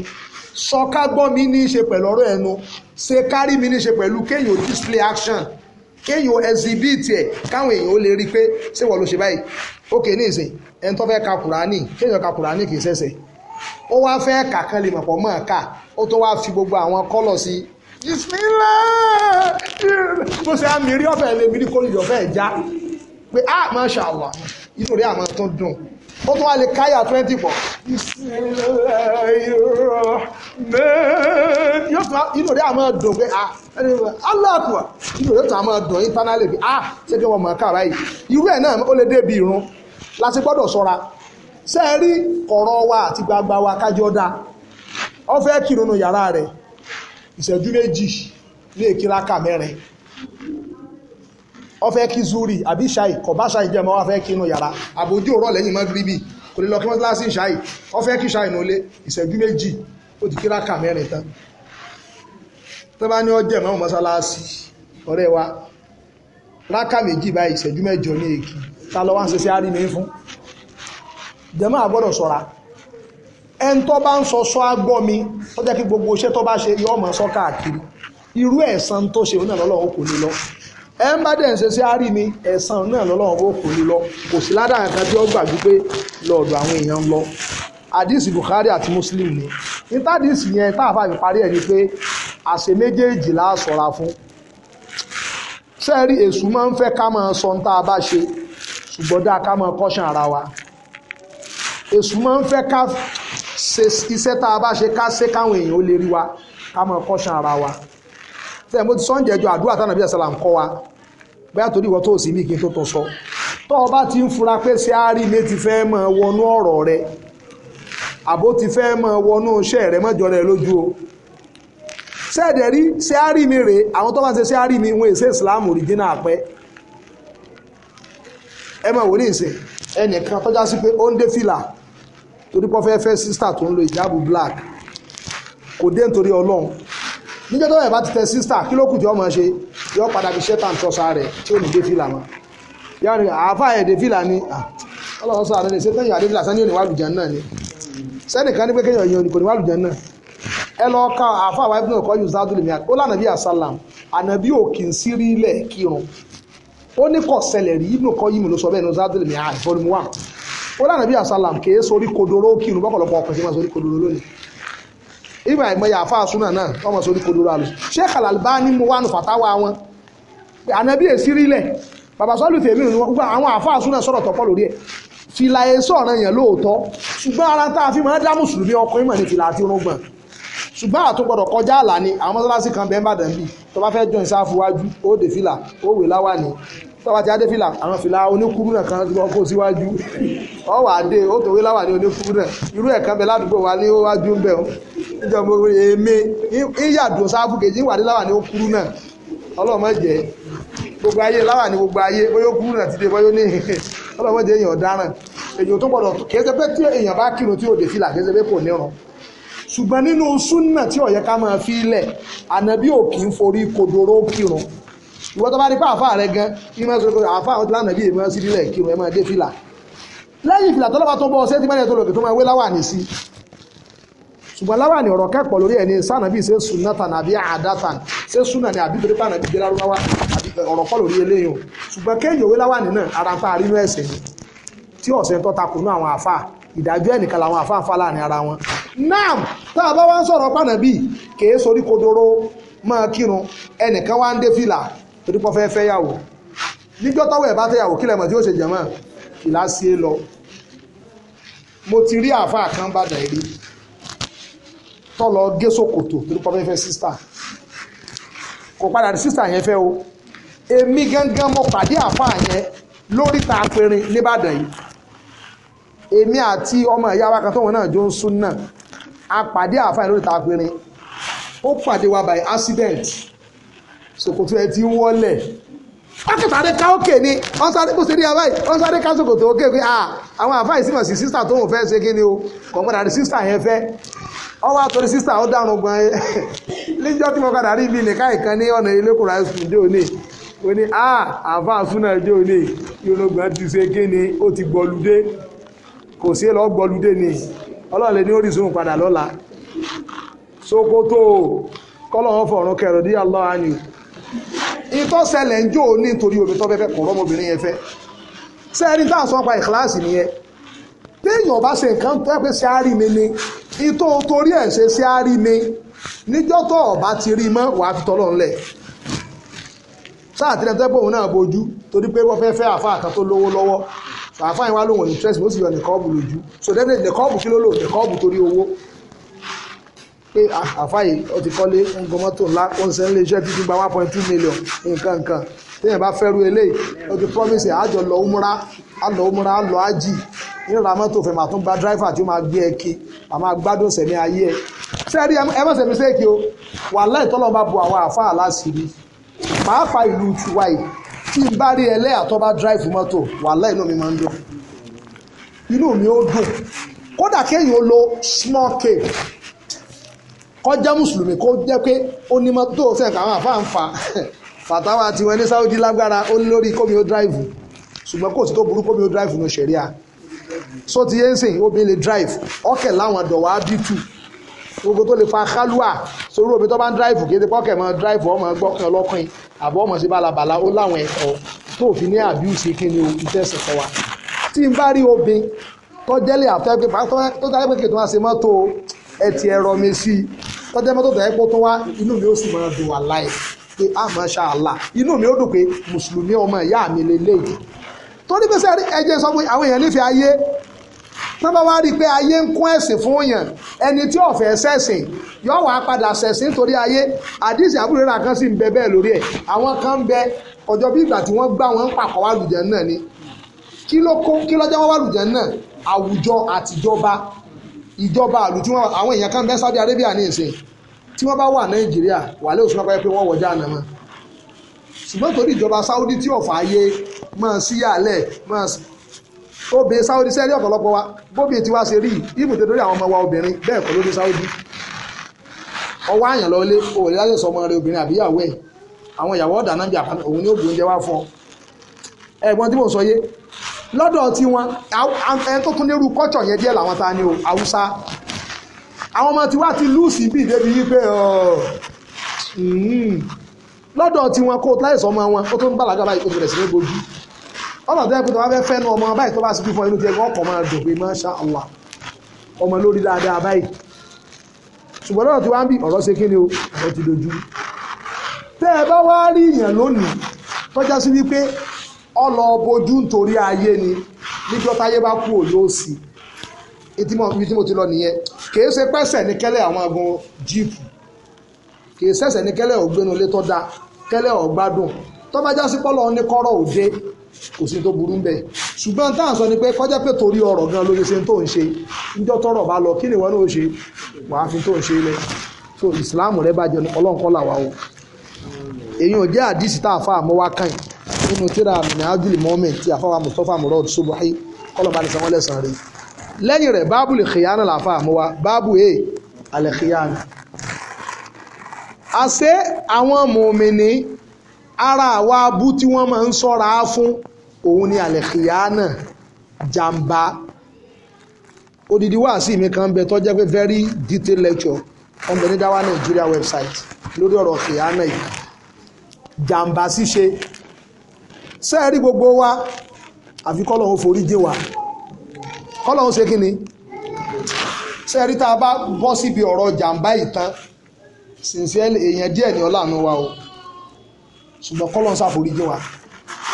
sọká gbọ́ mi ní í ṣe pẹ̀lú ọ̀rọ̀ ẹnu ṣe kárí mi ní í ṣe pẹ̀lú kéèyàn display action kéèyàn exhibit ẹ̀ káwọn èèyàn ó lè rí i pé ṣé wọ́n ló ṣe báyìí ókè ní ìsìn ẹni tó fẹ́ ka kùránì kéèyàn ka kùránì kì í ṣẹ̀ṣẹ̀ ó wá fẹ́ kà kan lè mọ̀pọ̀ mọ́ ká ó tó wá fi gbogbo àwọn kọ́lọ̀ sí bisimilá bó ṣe àmìrí ọ̀fẹ́ lè mírí kó lè ọ̀fẹ́ já pé a máa ṣàwà inú rẹ̀ àmọ́ tó dùn ó tún wá lè káyà twenty four bisimilá inú rẹ̀ àmọ́ dùn pé a ah, aláàkùwà inú rẹ̀ tún àmọ́ dùn internally pé a ah, ṣé kí wọ́n mọ̀ ká báyìí irú ẹ̀ náà ó lè débi irun láti gbọ́dọ̀ ṣọ́ra ṣe é rí ọ̀rọ̀ wa àti gbagba wa kájọ́ dáa ọ fẹ́ kírun yàrá rẹ̀ ìṣẹ́jú méjì lè kí rákà mẹ́rin ó fẹ́ kí zuri àbí ṣáì kọ̀bá ṣáì jẹ́ mọ́ wá fẹ́ kí inú yàrá àbójú òrọ̀ lẹ́yìn mágíríbì kò lè lọ kí wọ́n láti ṣáì ó fẹ́ kí ṣáì nulẹ̀ ìṣẹ́jú méjì ó ti kí rákà mẹ́rin tán tó bá ní ọjẹ́ mọ́ mọ́sálásí ọ̀rẹ́ wa rákà méjì báyìí ìṣẹ́jú mẹ́jọ ní èkì ta lọ wá ń ṣe sí àrí mi fún jẹ́mọ́ àgbọ́dọ̀ ṣọ́ra ẹn tó bá ń sọsọ agbọ́ mi tó jẹ́ kí gbogbo iṣẹ́ tó bá ṣe yọ ọmọ sọ káàkiri irú ẹ̀san tó ṣe náà lọ́lọ́wọ́ kò ní lọ ẹ ń bá dẹ̀ǹsẹ̀ sí àárí mi ẹ̀san náà lọ́lọ́wọ́ kò ní lọ kò sí ládàá kan tí ó gbàgbé pé lọ́ọ̀dọ̀ àwọn èèyàn ń lọ àdìsí Bukhari àti Muslim ni nítàdìsí yẹn táàfà mi parí ẹ̀ ni pé àṣẹ méjèèjì la ṣọ́ra fún sẹ́ẹ̀rí èṣù máa ń fẹ́ ká máa sọ ní tá a bá ṣe ṣùgbọ́n dáa ká máa kọ́ṣàn ara wa èṣù máa ń fẹ́ ká iṣẹ́ tá a bá ṣe ká ṣe káwọn èèyàn ó lè rí wa ká máa kọ́ṣán ara wa tẹ́lẹ̀ mo ti sọ ń jẹ́jọ́ àdúrà tánà bí ẹ̀sán là ń kọ́ wa bóyá torí ìwọ tó sì mí kí n tó tún sọ tó o bá ti ń fura pé ṣé á rí ilé ti fẹ́ máa wọnú ọ̀rọ̀ rẹ àbó ti fẹ́ máa wọnú iṣẹ́ rẹ mọ́jọ rẹ lójú o sẹ́ẹ̀dẹ̀ rí ṣé á rí mi rèé àwọn tó bá ṣe ṣé á rí mi wọn èsè Islam original àpẹ ẹ máa wò ní ìsìn ẹnìkan tọ́já sí pé ó ń dé fìlà torí pé ọfẹ́ fẹ́ sísítà tó ń lo ìjáàbù black kò dé nítorí ọlọ́run níjọ́ tó yẹ̀ bá ti tẹ sísítà kí ló kù tí ọmọ ṣe yọ padà bí ṣẹ́tà ń tọ́sà rẹ̀ tí ò ní dé fìlà mọ́ yàrá rẹ̀ àáfà ẹ̀ fìlà ni ah, ọlọ́run sọ àdéhùn ṣe tẹ́yìn àdé fìlà sani òníwà lùjẹ́ náà ni sẹ́nìkan ní pé kéèyàn yan òníkò níwà lùjẹ́ náà ẹ lọ ka àáfà wa ibùdó kọ́ yusuf adúlé mi ó lànà bí asálàm ànàbí òkè ń sírí ilẹ̀ kírun ó ní kọ̀ sẹlẹ̀ rí ibùdó kọ́ yìí mi ló sọ bẹ́ẹ̀ ní yusuf mi àìfọ́nmú ó lànà bí àsálàm kì í sórí kodoro kírun bọ́kọ̀lọpọ̀ ọkùnrin sí máa sórí kodoro lónìí ibà ìmọ̀ya àfáà súnà náà wọ́n máa sórí kodoro àlù Sheikh Al-Albani mú wánu fàtáwà wọn ànábì èsì rílẹ̀ bàbá sọ́lù tèmi nù gbogbo àwọn àfáà súnà sọ̀rọ̀ tọ́pọ̀ lórí ẹ̀ fìlà èso ọ̀ràn yẹn lóòótọ́ ṣùgbọ́n ara tá a fi máa dá mùsùlùmí ọkùnrin mọ̀ ní fìlà àti orúngbọ̀n ṣùgbọ́n àtún gbọ́dọ̀ kọjá àlà ni àwọn mọ́sálásí kan bẹ́ẹ̀ bàdàn bíi tó bá fẹ́ jọ ìsáfù wájú ó dé fìlà ó wè láwà ní tọ́ba ti adé fìlà àwọn fìlà oníkúmúnà kan lọ kó síwájú ọwọ́ adé ó tòwé láwà ní oníkúmúnà irú ẹ̀ kan bẹ ládùúgbò wa ní wájú ń bẹ̀ ọ́ níjọ́ mo rí èmi ìyàdùn sáfù kejì ń wàdé láwà ní okúmúnà ọlọ́mọ jẹ́ gbogbo ayé láwà ní gbogbo ayé bóyá okúmúnà ti dé bóyá ó ní ọlọ́mọ jẹ́ èèyàn ọ̀daràn èèyàn tó gbọ́dọ̀ kéèsẹ́ pé tí èèyàn bá kírun tí ò dé fìlà kéèsẹ́ pé kò níran ṣùgbọ́n nínú súnà tí ó yẹ ká máa fi ilẹ̀ ànábì ò kì í forí kodoro kírun ìwọ tó bá rí pé àáfàá rẹ gan ìmọ̀ sọ pé àáfàá ọtí lánàá bí èèmọ̀ síbílẹ̀ kírun ẹ̀ máa dé fìlà lẹ́yìn fìlà tọ́lọ́ba tó bọ́ ọ sẹ́tí mẹ́rin tó lòkè tó máa wé láwà ní sí ṣùgbọ́n láwà ní ọ̀rọ̀ kẹ́pọ̀ lórí ẹ̀ ní sànàbí ṣe sunatan àbí àdátàn ṣe súnà ní àbí torí pàànàbí jẹ́ lárúbáwá àbí ọ̀rọ̀ kọ́ lórí eléyìí o ṣùgbọ́n kéèyàn òwe láwà nínà ara fa àrínú ẹ̀sẹ̀ ni tí ọ̀sẹ̀ tó takò ní àwọn àfa ìdájọ́ ẹnìkan làwọn àfa ń fa láàrin ara wọn. náà tá a bá wá ń sọ̀rọ̀ pàànàbí kèé sorí kodoro máa kírun ẹnìkan wá ń dé fìlà torí pọ́ fẹ́ fẹ́ yàwó níjọ́ tọ́wọ́ ẹ̀ bá fẹ́ yàwó kílẹ̀ mọ̀ tí ó ṣe jẹ̀mọ́ kìláàsì ẹ e lọ mo ti rí àáfàá kan bàdàn rí tọ́lọ gé sòkòtò torí pọ́ fẹ́ fẹ́ sísà kò padà rí sísà yẹn fẹ́ o èmi gángan mo pàdé àáfàá yẹn lórí ta apẹrin nìbàdàn yìí èmi àti ọmọ ìyá wa kan tóun náà jọ ń sún náà a pàdé àáfàá yẹn lórí ta apẹrin ó pàdé wa by accident ṣòkòtò ẹ ti wọ́lẹ̀ pákítàdé ká òkè ni wọ́n sáré kó sẹ́ni àbáyé wọ́n sáré ká ṣòkòtò òkè pé à ah, àwọn àfáì sì mọ̀ sí sísà tóun fẹ́ ṣe kí ni o kọ̀ọ̀mọ́dà ní sísà yẹn fẹ́ wọ́n wá torí sísà ó dànù gan ẹ níjọ́ tí mo padà rí ibi nìka ìkan ní ọ̀nà ilékùnrin àìsùn dé òní òní à ah, àfáà súnà dé òní irungbọ̀n ti ṣe kí ni ó ti gbọ́lúdé kò sí lọ́ gbọ́lúdé ni ọlọ́ọ̀lẹ́ ní orísun padà lọ́la ṣòkòtò kọ́lọ́wọ́ fọ̀run kẹrọ̀dí aláàánú ìtọ́sẹ̀lẹ̀ ń jó ní nítorí omi tó fẹ́fẹ́ kọ̀ rọ́mọbìnrin yẹn fẹ́ sẹ́ẹ̀rí tá à ń sọ pa ìkíláàsì nìyẹn téèyàn bá ṣe nǹkan tó pé ṣe á rí mi ni ìtò torí ẹ̀ ṣe ṣe á rí mi níjọ́ tó ọ̀bá ti rí mọ́ wàá fi tọ́lọ́ ńlẹ̀ sáà tí lẹ́tọ́ pòun náà bojú torí pé wọ́n fẹ́ fẹ́ àfáà kan tó lówó lọ́wọ́ àfáà yẹn wá lóhùn ní tírẹ́sì ó sì yọ nìkọ́ọ̀bù lójú so definitely nìkọ́ọ̀bù kí ló lò nìkọ́ọ̀bù torí owó pé àfáyé ọtí kọ́lé ń gbọ́ mọ́tò ńlá ó ń sẹ́ gba one point two million nǹkan nǹkan téèyàn bá fẹ́ ru eléyìí ó ti promise àjọ lọ umra àlọ umra àlọ ájì ìrora mọ́tò fẹ́ màá tún gba driver tí ó máa gbé ẹ kí a máa gbádùn sẹ̀mí ayé ẹ sẹ́ẹ̀rí ẹ o wàláhì tọ́lọ́ bá bu àwọn àfáà láṣìírí ìlú tiwa yìí n bá rí bá drive mọ́tò inú mi máa ń dùn inú mi ó dùn kódà kéèyàn lo small kọjá mùsùlùmí kó jẹ́ pé ó ní mọ́ tó sẹ́ǹkà àwọn àfáàǹfà fàtàwà tí wọ́n ní sáúdí lágbára ó ní lórí kómi ó dráìvù ṣùgbọ́n kò sí tó burú kómi ó dráìvù ní ṣẹ̀ríà so ti yé ń sìn obìnrin lè dráìvù ọkẹ̀ láwọn dọ̀wà dìtù gbogbo tó lè fa kálúà sórí omi tó bá ń dráìvù kí ẹ̀dẹ́pọ̀kẹ̀ mọ́ dráìvù ọmọ gbọ́kàn ọlọ́kùnrin àbọ̀ ọmọ sí balabala ó láwọn ẹ̀kọ́ tó fi ní àbíùsì kí ni ìtẹ̀sẹ̀ fọ wa tí n bá rí obìnrin tó jẹ́lẹ̀ àfẹ́ pé tó dájú tọ́jẹ́ mọ́tò tó yẹ kó tó wá inú mi ó sì máa dùn wà láì pé a ah, masha Allah inú mi ó dùn pé mùsùlùmí ọmọ ìyá mi lélẹ́yìí torí pé sẹ́ẹ̀rí ẹ̀jẹ̀ sọ pé àwọn èèyàn nífẹ̀ẹ́ ayé wọ́n bá wá rí i pé ayé ń kún ẹ̀sìn fún yàn ẹni tí ọ̀fẹ́ ṣẹ̀sìn yọ wàá padà ṣẹ̀sìn nítorí ayé àdìsí àbúrò rà kan sì ń bẹ bẹ́ẹ̀ lórí ẹ̀ àwọn kan ń bẹ ọjọ́ bí ìgbà tí wọ́n gbá wọn ń pàkọ́ wà náà ni kí ló kó kí lọ́jọ́ wọn wà náà àwùjọ àtijọba ìjọba àlù tí wọ́n àwọn èèyàn kan bẹ́ Saudi Arabia ní ìsìn tí wọ́n bá wà Nàìjíríà wà lẹ́wọ̀n sọ́nà pé wọ́n wọjá àná mọ́ ṣùgbọ́n torí ìjọba Saudi tí ọ̀fà ayé máa sí yàlẹ̀ máa obè Saudi sẹ́rí ọ̀pọ̀lọpọ̀ wa bóbi tí wàá ṣe rí ibùdó lórí àwọn ọmọ wa obìnrin bẹ́ẹ̀ kọ́ lórí Saudi ọwọ́ àyàn lọ lé òòlì láti sọ ọmọ rẹ obìnrin àbíyàwó ẹ̀ àwọn ìyàwó ọ̀dà náà bí àpá òun ní òògùn oúnjẹ wá fún ọ ẹ̀gbọ́n tí mò ń sọ yé lọ́dọ̀ tí wọn ẹni tó tún nírú kọ́tsọ̀ yẹn díẹ̀ làwọn ta ni o haúsá àwọn ọmọ tiwa ti lùsì bíi débi wípé hmm, lọ́dọ̀ tí wọn kó o láìsọ ọmọ wọn ó tó ń bàlágà báyìí tó bẹ̀rẹ̀ sí ní gbojú ọ̀nà tó yẹ pé tó bá fẹ́ fẹ́ nu ọmọ báyìí tó bá sì fífọ́ inú tiẹ̀ kọ́ ọkọ̀ máa dùn masha Allah ọmọ lórí dáadáa báyìí ṣùgbọ́n lọ́dọ̀ tí wọ́n á bí ọ̀rọ̀ ṣe kí ni o ọ̀rọ̀ ti dojú tẹ́ ẹ bá wá rí ìyàn lónìí tọ́já sí wípé ọlọ bojú nítorí ayé ni níjọ́ ayé bá kú òye ó ibi lọ nìyẹn kìí ṣe pẹ́sẹ̀ ní kẹ́lẹ́ àwọn agun jíìpù kìí ṣẹ̀ṣẹ̀ ní kẹ́lẹ́ ògbénu ilé tó da kẹ́lẹ́ ọ̀gbádùn tó bá já sí pọ́lọ́ ní kọ́rọ̀ òde kò sí tó burú ṣùgbọ́n táà sọ ni pé kọjá pé lọ kí ni ṣe wàá fi tó ń ṣe lẹ so ìsìláàmù rẹ ọlọ́nkọ́ làwà o jẹ́ àdìsí a fa nínú tíra àmì ájúlì mọ́mìn tí àfáwà mustapha murad subuhi kọlọ̀ bá ní sanwó lẹ́sàn rí lẹ́yìn rẹ̀ báàbù lè kìyànà làfà àmúwa báàbù e alẹ́ kìyànà àṣé àwọn mòmìnì ara àwa abú tí wọ́n máa ń sọ́ra fún òun ni alẹ́ kìyànà jàǹbá odidi wáàsí mi kan bẹ tó pé very detailed lecture ọmọ ní dáwà Nigeria website lórí ọ̀rọ̀ kìyànà yìí jàǹbá ṣíṣe sẹ́ẹ̀rí gbogbo wa àfi kọ́lọ̀hún forí jẹ́ wa kọ́lọ̀hún ṣe kí ni sẹ́ẹ̀rí tá a bá bọ́ síbi ọ̀rọ̀ jàǹbá ìtàn sincerely èèyàn díẹ̀ ní ọlànà wa o ṣùgbọ́n kọ́lọ̀hún ṣàforí jẹ́ wa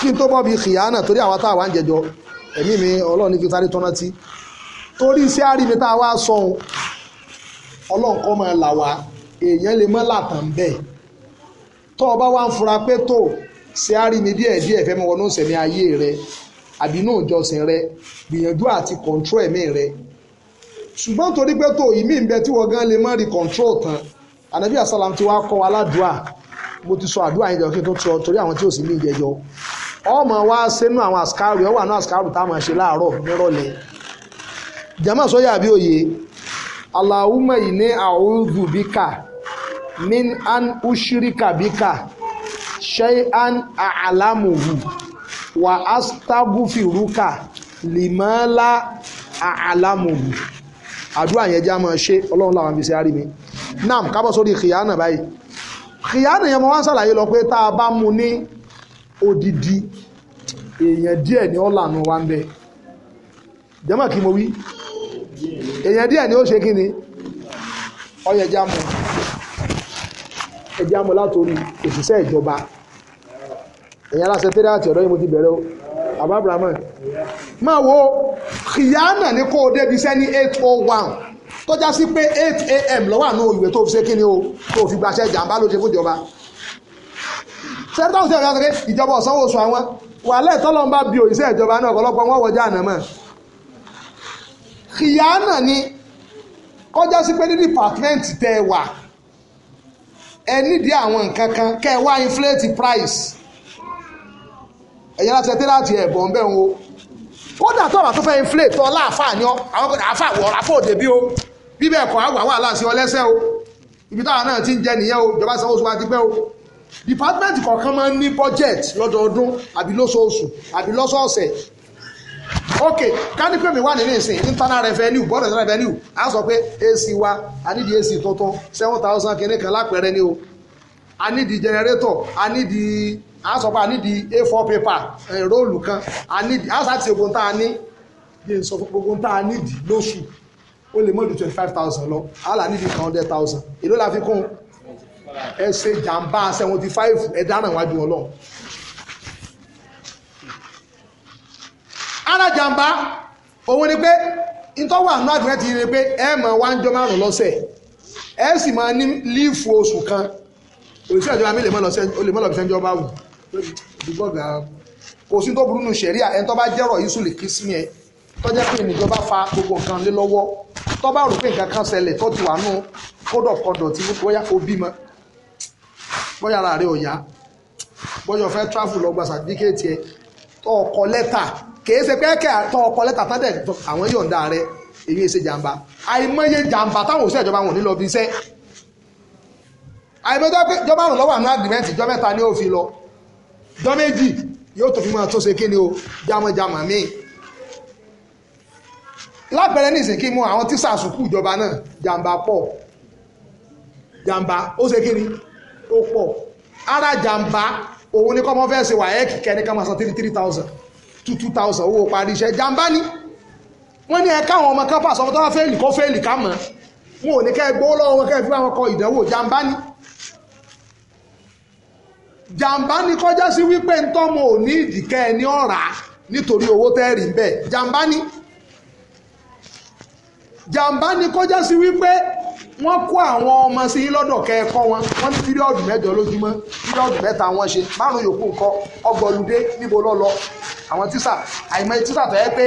kí n tó bọ́ bí kìyànà torí àwa tá a wà ń jẹjọ ẹ̀mí mi ọlọ́run ní fi sáré tọ́ná tí torí iṣẹ́ àríbi tá a wá sọ̀hún ọlọ́run kọ́ máa là wá èèyàn lè mọ́ làtàn bẹ́ẹ̀ tó o bá wá ń fura pé tó ṣé á rí mi díẹ̀ díẹ̀ fẹ́ mi ayé rẹ àbí inú rẹ gbìyànjú àti control ẹ̀mí rẹ ṣùgbọ́n torí pé tó ìmí ń bẹ tí wọ́n gan lè má rí control tán ànábì àsálàm ti wá kọ́ wa mo ti sọ àdúrà yẹn jọ kí n tó tọ torí àwọn ọmọ wa àwọn àwọn tá a máa ṣe jama sọyà òye bika an bika. ṣẹ́yán àlámùhù wà ástagúfìrúkà lìmọ́lá àlámùhù àdúrà yẹn já máa ṣe ọlọ́run láwọn fi ṣe á rí mi nam kábọ̀ sórí kìyànà báyìí kìyànà yẹn mo wá ń ṣàlàyé lọ pé tá a bá mu ní odidi èèyàn díẹ̀ ni ó lànà wa ń bẹ jẹ́mọ̀ kí mo wí èèyàn díẹ̀ ni ó ṣe kí ni ọyẹ jámọ̀ ẹjámọ̀ látòrí òṣìṣẹ́ ìjọba ẹ̀yà ara sẹtẹ́rìàtì ọ̀dọ́ yìí mo ti bẹ̀rẹ̀ o àbá abrahamu máa wo kìyànà ní kó o débi iṣẹ́ eight oh one tó já sí pé eight a.m. lọ́wọ́ àánú ìwé tó fi ṣe kíni o tó fi gbaṣẹ́ jàǹbá ló ṣe fún ìjọba sẹ́ńtọ́ ọ̀sẹ̀ ọ̀sẹ̀ ìjọba ọ̀sánwó oṣù àwọn wàhálà ìtọ́lọ́n bá bi òṣìṣẹ́ ìjọba náà ọ̀pọ̀lọpọ̀ wọn wọjá ànámọ́ kìyànà ni kọjá sí pé ní dìpàtmẹ́ǹtì tẹ́ ẹ wà ẹ nídìí àwọn nǹkan kan kẹ́ wá inflate price ẹ̀yẹ́ láti ẹtẹ́ láti ẹ̀bọ̀ ń bẹ̀ ń wo kódà tó ọ̀rọ̀ tó fẹ́ inflate tó ọlá àfà ni ọ àwọn kódà àfà wọ̀ àfà òde bí o bí bẹ́ẹ̀ àwọn àwọn aláṣẹ ọlẹ́sẹ̀ o ibi táwọn náà ti ń jẹ nìyẹn o ìjọba sanwó oṣù wa ti pẹ́ o department kọ̀ọ̀kan máa ń ní budget lọ́dọọdún àbí lóṣooṣù àbí lọ́sọ̀ọ̀sẹ̀ ok kání pé wà nínú ìsìn internal revenue board of revenue a sọ pé ac wa a nídìí ac tuntun seven thousand kìíní kan lápẹẹrẹ ni o a nídìí generator a nídìí a sọ pé a nídìí a4 paper róòlù kan a nídìí a sáà ti ogun tá a ní bí n sọ fún gbogbo tá a nídìí lóṣù ó lè mọ́ ju twenty five thousand lọ a là nídìí kan hundred thousand èló la fi kún ẹ ṣe jàǹbá seventy five ẹ dáràn wájú ọlọ́run. ara jàǹbá òun ni pé ìtọ́wà nínú àdúrà ti rí pé ẹ máa wá ń jọ márùn lọ́sẹ̀ ẹ sì máa ní líìfù oṣù kan òṣìṣẹ́ ìjọba mi lè mọ́ lọ́sẹ̀ ó lè mọ́ lọ́sẹ̀ ìjọba wù dùgbọ́gà kò sí tó burú nù sẹ̀ríà ẹni tó bá jẹ́rọ̀ yìí sùn lè kí sí ẹ tó jẹ́ pé ìníjọba fa gbogbo nǹkan lé lọ́wọ́ tó bá rò pé nǹkan kan ṣẹlẹ̀ tó ti wà nù kódọ̀ kọdọ̀ tí bóyá o bímọ bóyá ara rẹ̀ ọ̀yá bóyá o fẹ́ travel lọ gba certificate ẹ tó ọkọ lẹ́tà kìí ṣe pé kẹ́ tó ọkọ lẹ́tà tọ́tẹ̀ àwọn yọ̀ǹda rẹ èyí ṣe jàǹbá àìmọye jàǹbá táwọn òṣìṣẹ́ ìjọba wọn ní lọ bí iṣẹ́ àìmọye jọba rùn lọ́wọ́ àmì agreement ìjọ mẹ́ta ni ó fi lọ jọ méjì yóò tó fi máa tó ṣe kí ni o jámọ́jámọ́ míì lábẹ́rẹ́ ní ìsìnkí mú àwọn tíṣà sùkú ìjọba náà jàǹbá pọ̀ jamba ó se kí ni ó pọ ara jamba òun ní kọ́mọ́ fẹ́ ṣe wà ẹ́ kíkẹ́ ní kọ́mọ́ san three three thousand two two thousand owó parí iṣẹ́ jamba ni wọ́n ní ẹ̀ka àwọn ọmọ kápá sọmọ tó wá fẹ́ẹ̀lì kọ́ fẹ́ẹ̀lì ká wọn ò ní kẹ́ gbówó lọ́wọ́ kẹ́ fi wọn kọ ìdánwò ni jàǹbá ni kọjá sí wípé ntọ́mọ ò ní ìdìkẹ́ ẹni ọ̀rá nítorí owó tẹ́ẹ̀rì ń bẹ̀ jàǹbá ni jàǹbá ni kọjá sí wípé wọ́n kó àwọn ọmọ sí yín lọ́dọ̀ kẹ́ẹ̀kọ́ wọn wọ́n ní píríọ̀dù mẹ́jọ lójúmọ́ píríọ̀dù mẹ́ta wọn ṣe márùn yòókù nǹkan ọgbọ̀lùdé níbo ló lọ àwọn tíṣà àìmọ̀ tíṣà tó yẹ pé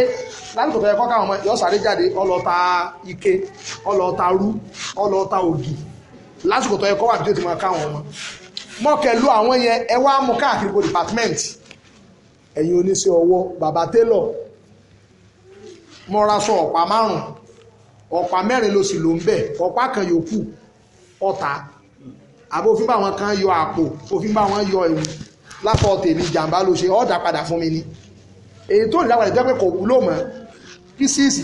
lásìkò tó yẹ kọ́ káwọn ọmọ yọ sáré jáde ọlọ́ta ike ọlọ́ta rú ọlọ́ta ògì lásìkò tó yẹ kọ́ wà bí ó ti máa káwọn ọmọ mọ́kẹ́lú àwọn yẹn ẹ wá mú káàkiri gbogbo department ẹ̀yin oníṣẹ́ ọwọ́ bàbá télọ̀ mọ́ra sọ ọ̀pá márùn-ún ọ̀pá mẹ́rin ló sì lò ń bẹ̀ ọ̀pá kan yòókù ọ̀tá àbófin bá wọn kan yọ àpò òfin bá wọn yọ ewu lápọ̀ tèmi jàǹbá ló ṣe ọ̀dà padà fún mi ni èyí tó nílá wàlẹ̀ jẹ́ kò wúlò mọ́ písíìsì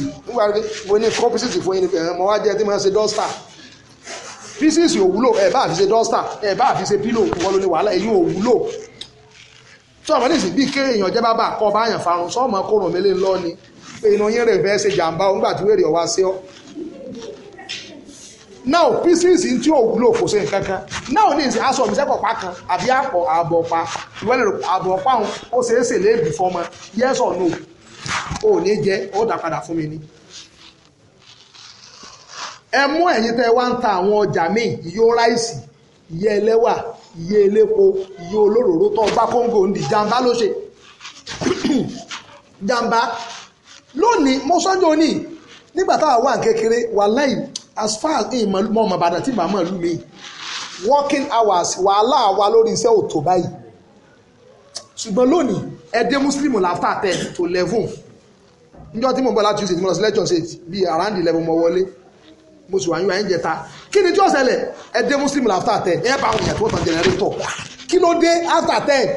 mo ní kọ́ písíìsì fún yín mo wá jẹ́ tí mo ṣe dọ́stà físíìsì ò wúlò ẹ̀ bá àfi ṣe dọ́stà ẹ̀ bá àfi ṣe pílò wọ́n ló ní wàhálà èyí ò wúlò tí ọmọ nìsí bí ké èèyàn jẹ́ bábà kọ́ bá yàn farun sọ́ọ̀mọ́ kó rùn mí lé lọ́ ni pé iná yín rẹ̀ fẹ́ ṣe jàǹbá òun gbà tí wèrè ọ̀wá sí ọ́ náà písíìsì tí ò wúlò kò sí nǹkan kan náà ní ìsìn aṣọ òmìṣẹ́pọ̀ pa kan àbí àpọ̀ àbọ̀ pa ìwẹ́lẹ̀ àbọ̀ pa òun ó yes or no ò ní jẹ́ ó dà padà fún mi ẹ mú ẹ̀yin tẹ́ wá ń ta àwọn ọjà míì iye ráìsì iye ẹlẹ́wà iye elépo iye olóròró tó bá kóńgò ń di jàǹbá ló ṣe jàǹbá lónìí mo sọ́jọ́ ní nígbà táwa wà kékeré wàláì as far as ìmọ̀ ọmọ ìbàdàn tí màmá lù mí working hours wàhálà wa lórí iṣẹ́ ò tó báyìí ṣùgbọ́n lónìí ẹdẹ muslimu láfà ten to eleven níjọ́ tí mo bọ́ láti ṣe ìmọ̀lọ́sí lẹ́jọ́ ṣe bíi around eleven mo wọlé mo sì wà ní ayé jẹta kí ni tí ó ṣẹlẹ̀ ẹ dé muslim after ten ẹ bá àwọn èèyàn tí wọ́n tan jẹnẹrétọ̀ kí ló dé after ten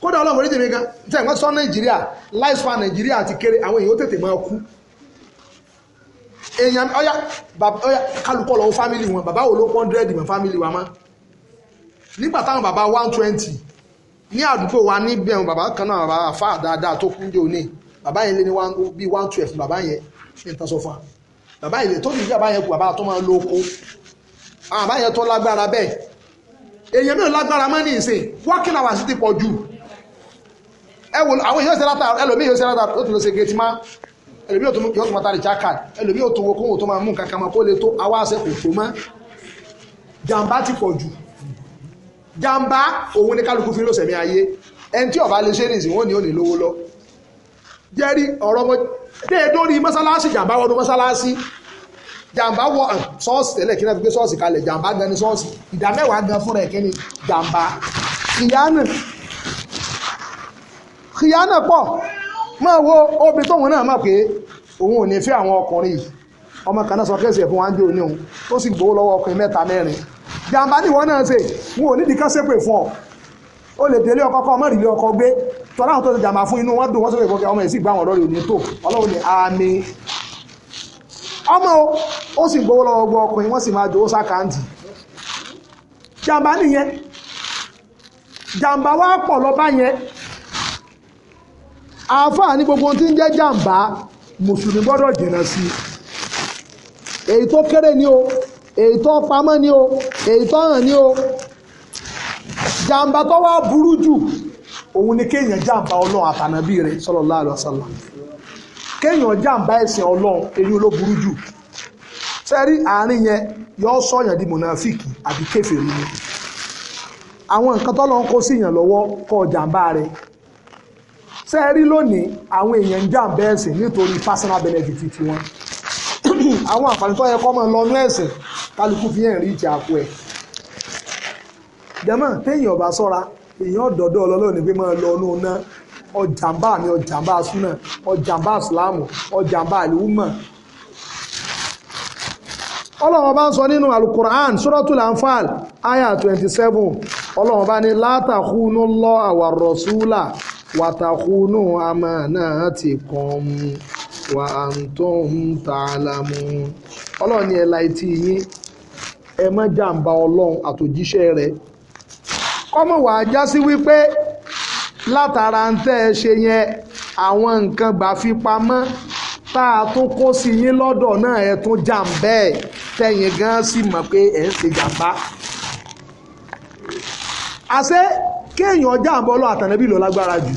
kódà ọlọ́run oríṣi mi gan tí ẹ̀gbọ́n sọ nàìjíríà lifespan nàìjíríà ti kéré àwọn èèyàn ó tètè máa kú èèyàn ọ̀yà ọ̀yà kálukọ́ lọ́wọ́ fámìlì wọn bàbá wo ló pọ́n dírẹ́dì mọ́ fámìlì wa mọ́ nígbà táwọn bàbá one twenty ní àdúgbò wa níbẹ̀ wọn bàbá kan náà bàbá àfa dáadáa tó kún jẹ́ òní bàbá yẹn lé ní bíi one twelve bàbá yẹn ní ìtàn sọ fún wa bàbá ilé tó sì jẹ́ bàbá yẹn kù bàbá tó máa lo oko àwọn ah, bàbá yẹn tó lágbára bẹ́ẹ̀ èèyàn mìíràn lágbára mọ́ ní ìsìn working hours ti pọ̀ jù ẹ wò àwọn èèyàn ṣe látà ẹlòmíì yóò ṣe látà ó tún lọ ṣe gẹ̀ẹ́tì má ẹlòmíì yóò tún máa tari jákàd ẹlòmíì yóò tún wo kóhùn tó máa mú nǹkan kan mọ́ kó lè tó àwa àṣẹ kò tó mọ́ jàǹbá ti pọ̀ jù jàǹbá òun ni kálukú fi ń lọ sẹ̀mí ayé ẹni tí ọba lè ṣe nìsín wọn ni ò ní lówó lọ jẹ́rí ọ̀rọ̀ déédórí mọ́sálásí jàǹbá wọnú mọ́sálásí jàǹbá wọ ṣọ́ọ̀ṣì tẹ́lẹ̀ kí náà fi gbé ṣọ́ọ̀ṣì kalẹ̀ jàǹbá gan ni ṣọ́ọ̀ṣì ìdá mẹ́wàá gan fúnra ẹ̀ kẹ́ni jàǹbá kìyánà kìyánà pọ̀ máa wo obìnrin tóun náà mọ̀ pé òun ò ní fẹ́ àwọn ọkùnrin yìí ọmọ kan náà sọ kẹ́sì ẹ̀ fún wa ń jó ní òun tó sì gbowó lọ́wọ́ ọkùnrin mẹ́ta mẹ́rin jàǹbá ni wọ́n náà ṣe wọn ò nídìí kásẹ́pẹ̀ fún ó lè délé ọkọ kọ ọmọ ọkọ gbé tọ́lá àwọn tó ti jàmà fún inú wọn dùn sọ̀rọ̀ ọmọ yìí sì gbá wọn lọ́rọ̀ òní tó ọlọ́run ní àmì ọmọ ó sì gbowó lọ́wọ́ gbọ́ ọkùnrin wọ́n sì máa jòwó sákàǹtì jàmbá nìyẹn Jamba wá pọ̀ lọ́ba yẹn àáfàá ní gbogbo tí ń jẹ́ mùsùlùmí gbọ́dọ̀ jìnnà sí èyí tó kéré ni o èyí tó pamọ́ ni o èyí tó hàn ni o jàǹbá tó wá burú jù òun ni kéèyàn jàǹbá ọlọ́run àtànàbí rẹ̀ sallallahu alaihi kéèyàn jàǹbá ẹ̀sìn ọlọ́run èyí ló burú jù sẹ́rí àárín yẹn yọ sọ̀yàn di mọ̀nàfíìkì àbí kèfèrí ni àwọn nǹkan tọ́lọ́run kó síyàn lọ́wọ́ kọ́ rẹ̀ lónìí àwọn èèyàn ń ẹ̀sìn nítorí personal benefit tiwọn àwọn yẹ kọ́ mọ́ lọ́nú ẹ̀sìn kálukú fi hàn rí jẹ́mọ̀ téèyàn bá sọ́ra èèyàn dọ̀dọ̀ ọlọ́lọ́ọ̀ ní pé máa lọ ọ̀nà ọ̀nà ọjàmbá mi ọjàmbá súnà ọjàmbá ìsìláàmù ọjàmbá àlùmọ̀ ọlọ́run bá ń sọ nínú alukur'an suratul anfal aya 27 ọlọ́run bá ní látàkúnú lọ àwà rọ̀súlà wàtàkúnú amanatikum wà antum ta'lamun ọlọ́run ni ẹ̀la etí yín ẹ má jàǹbá ọlọ́run àtòjíṣẹ́ rẹ̀ kọ́mọ̀ wàá já sí wípé látara ń tẹ́ ẹ ṣe yẹn àwọn nǹkan gbà fi pamọ́ tá a tún kó sí yín lọ́dọ̀ náà ẹ tún jàm bẹ́ẹ̀ tẹ̀yìn gan sì mọ̀ pé ẹ̀ ń ṣe jàmbá. àṣé kéèyàn jàǹbá ọlọ́ àtànábì ló lágbára jù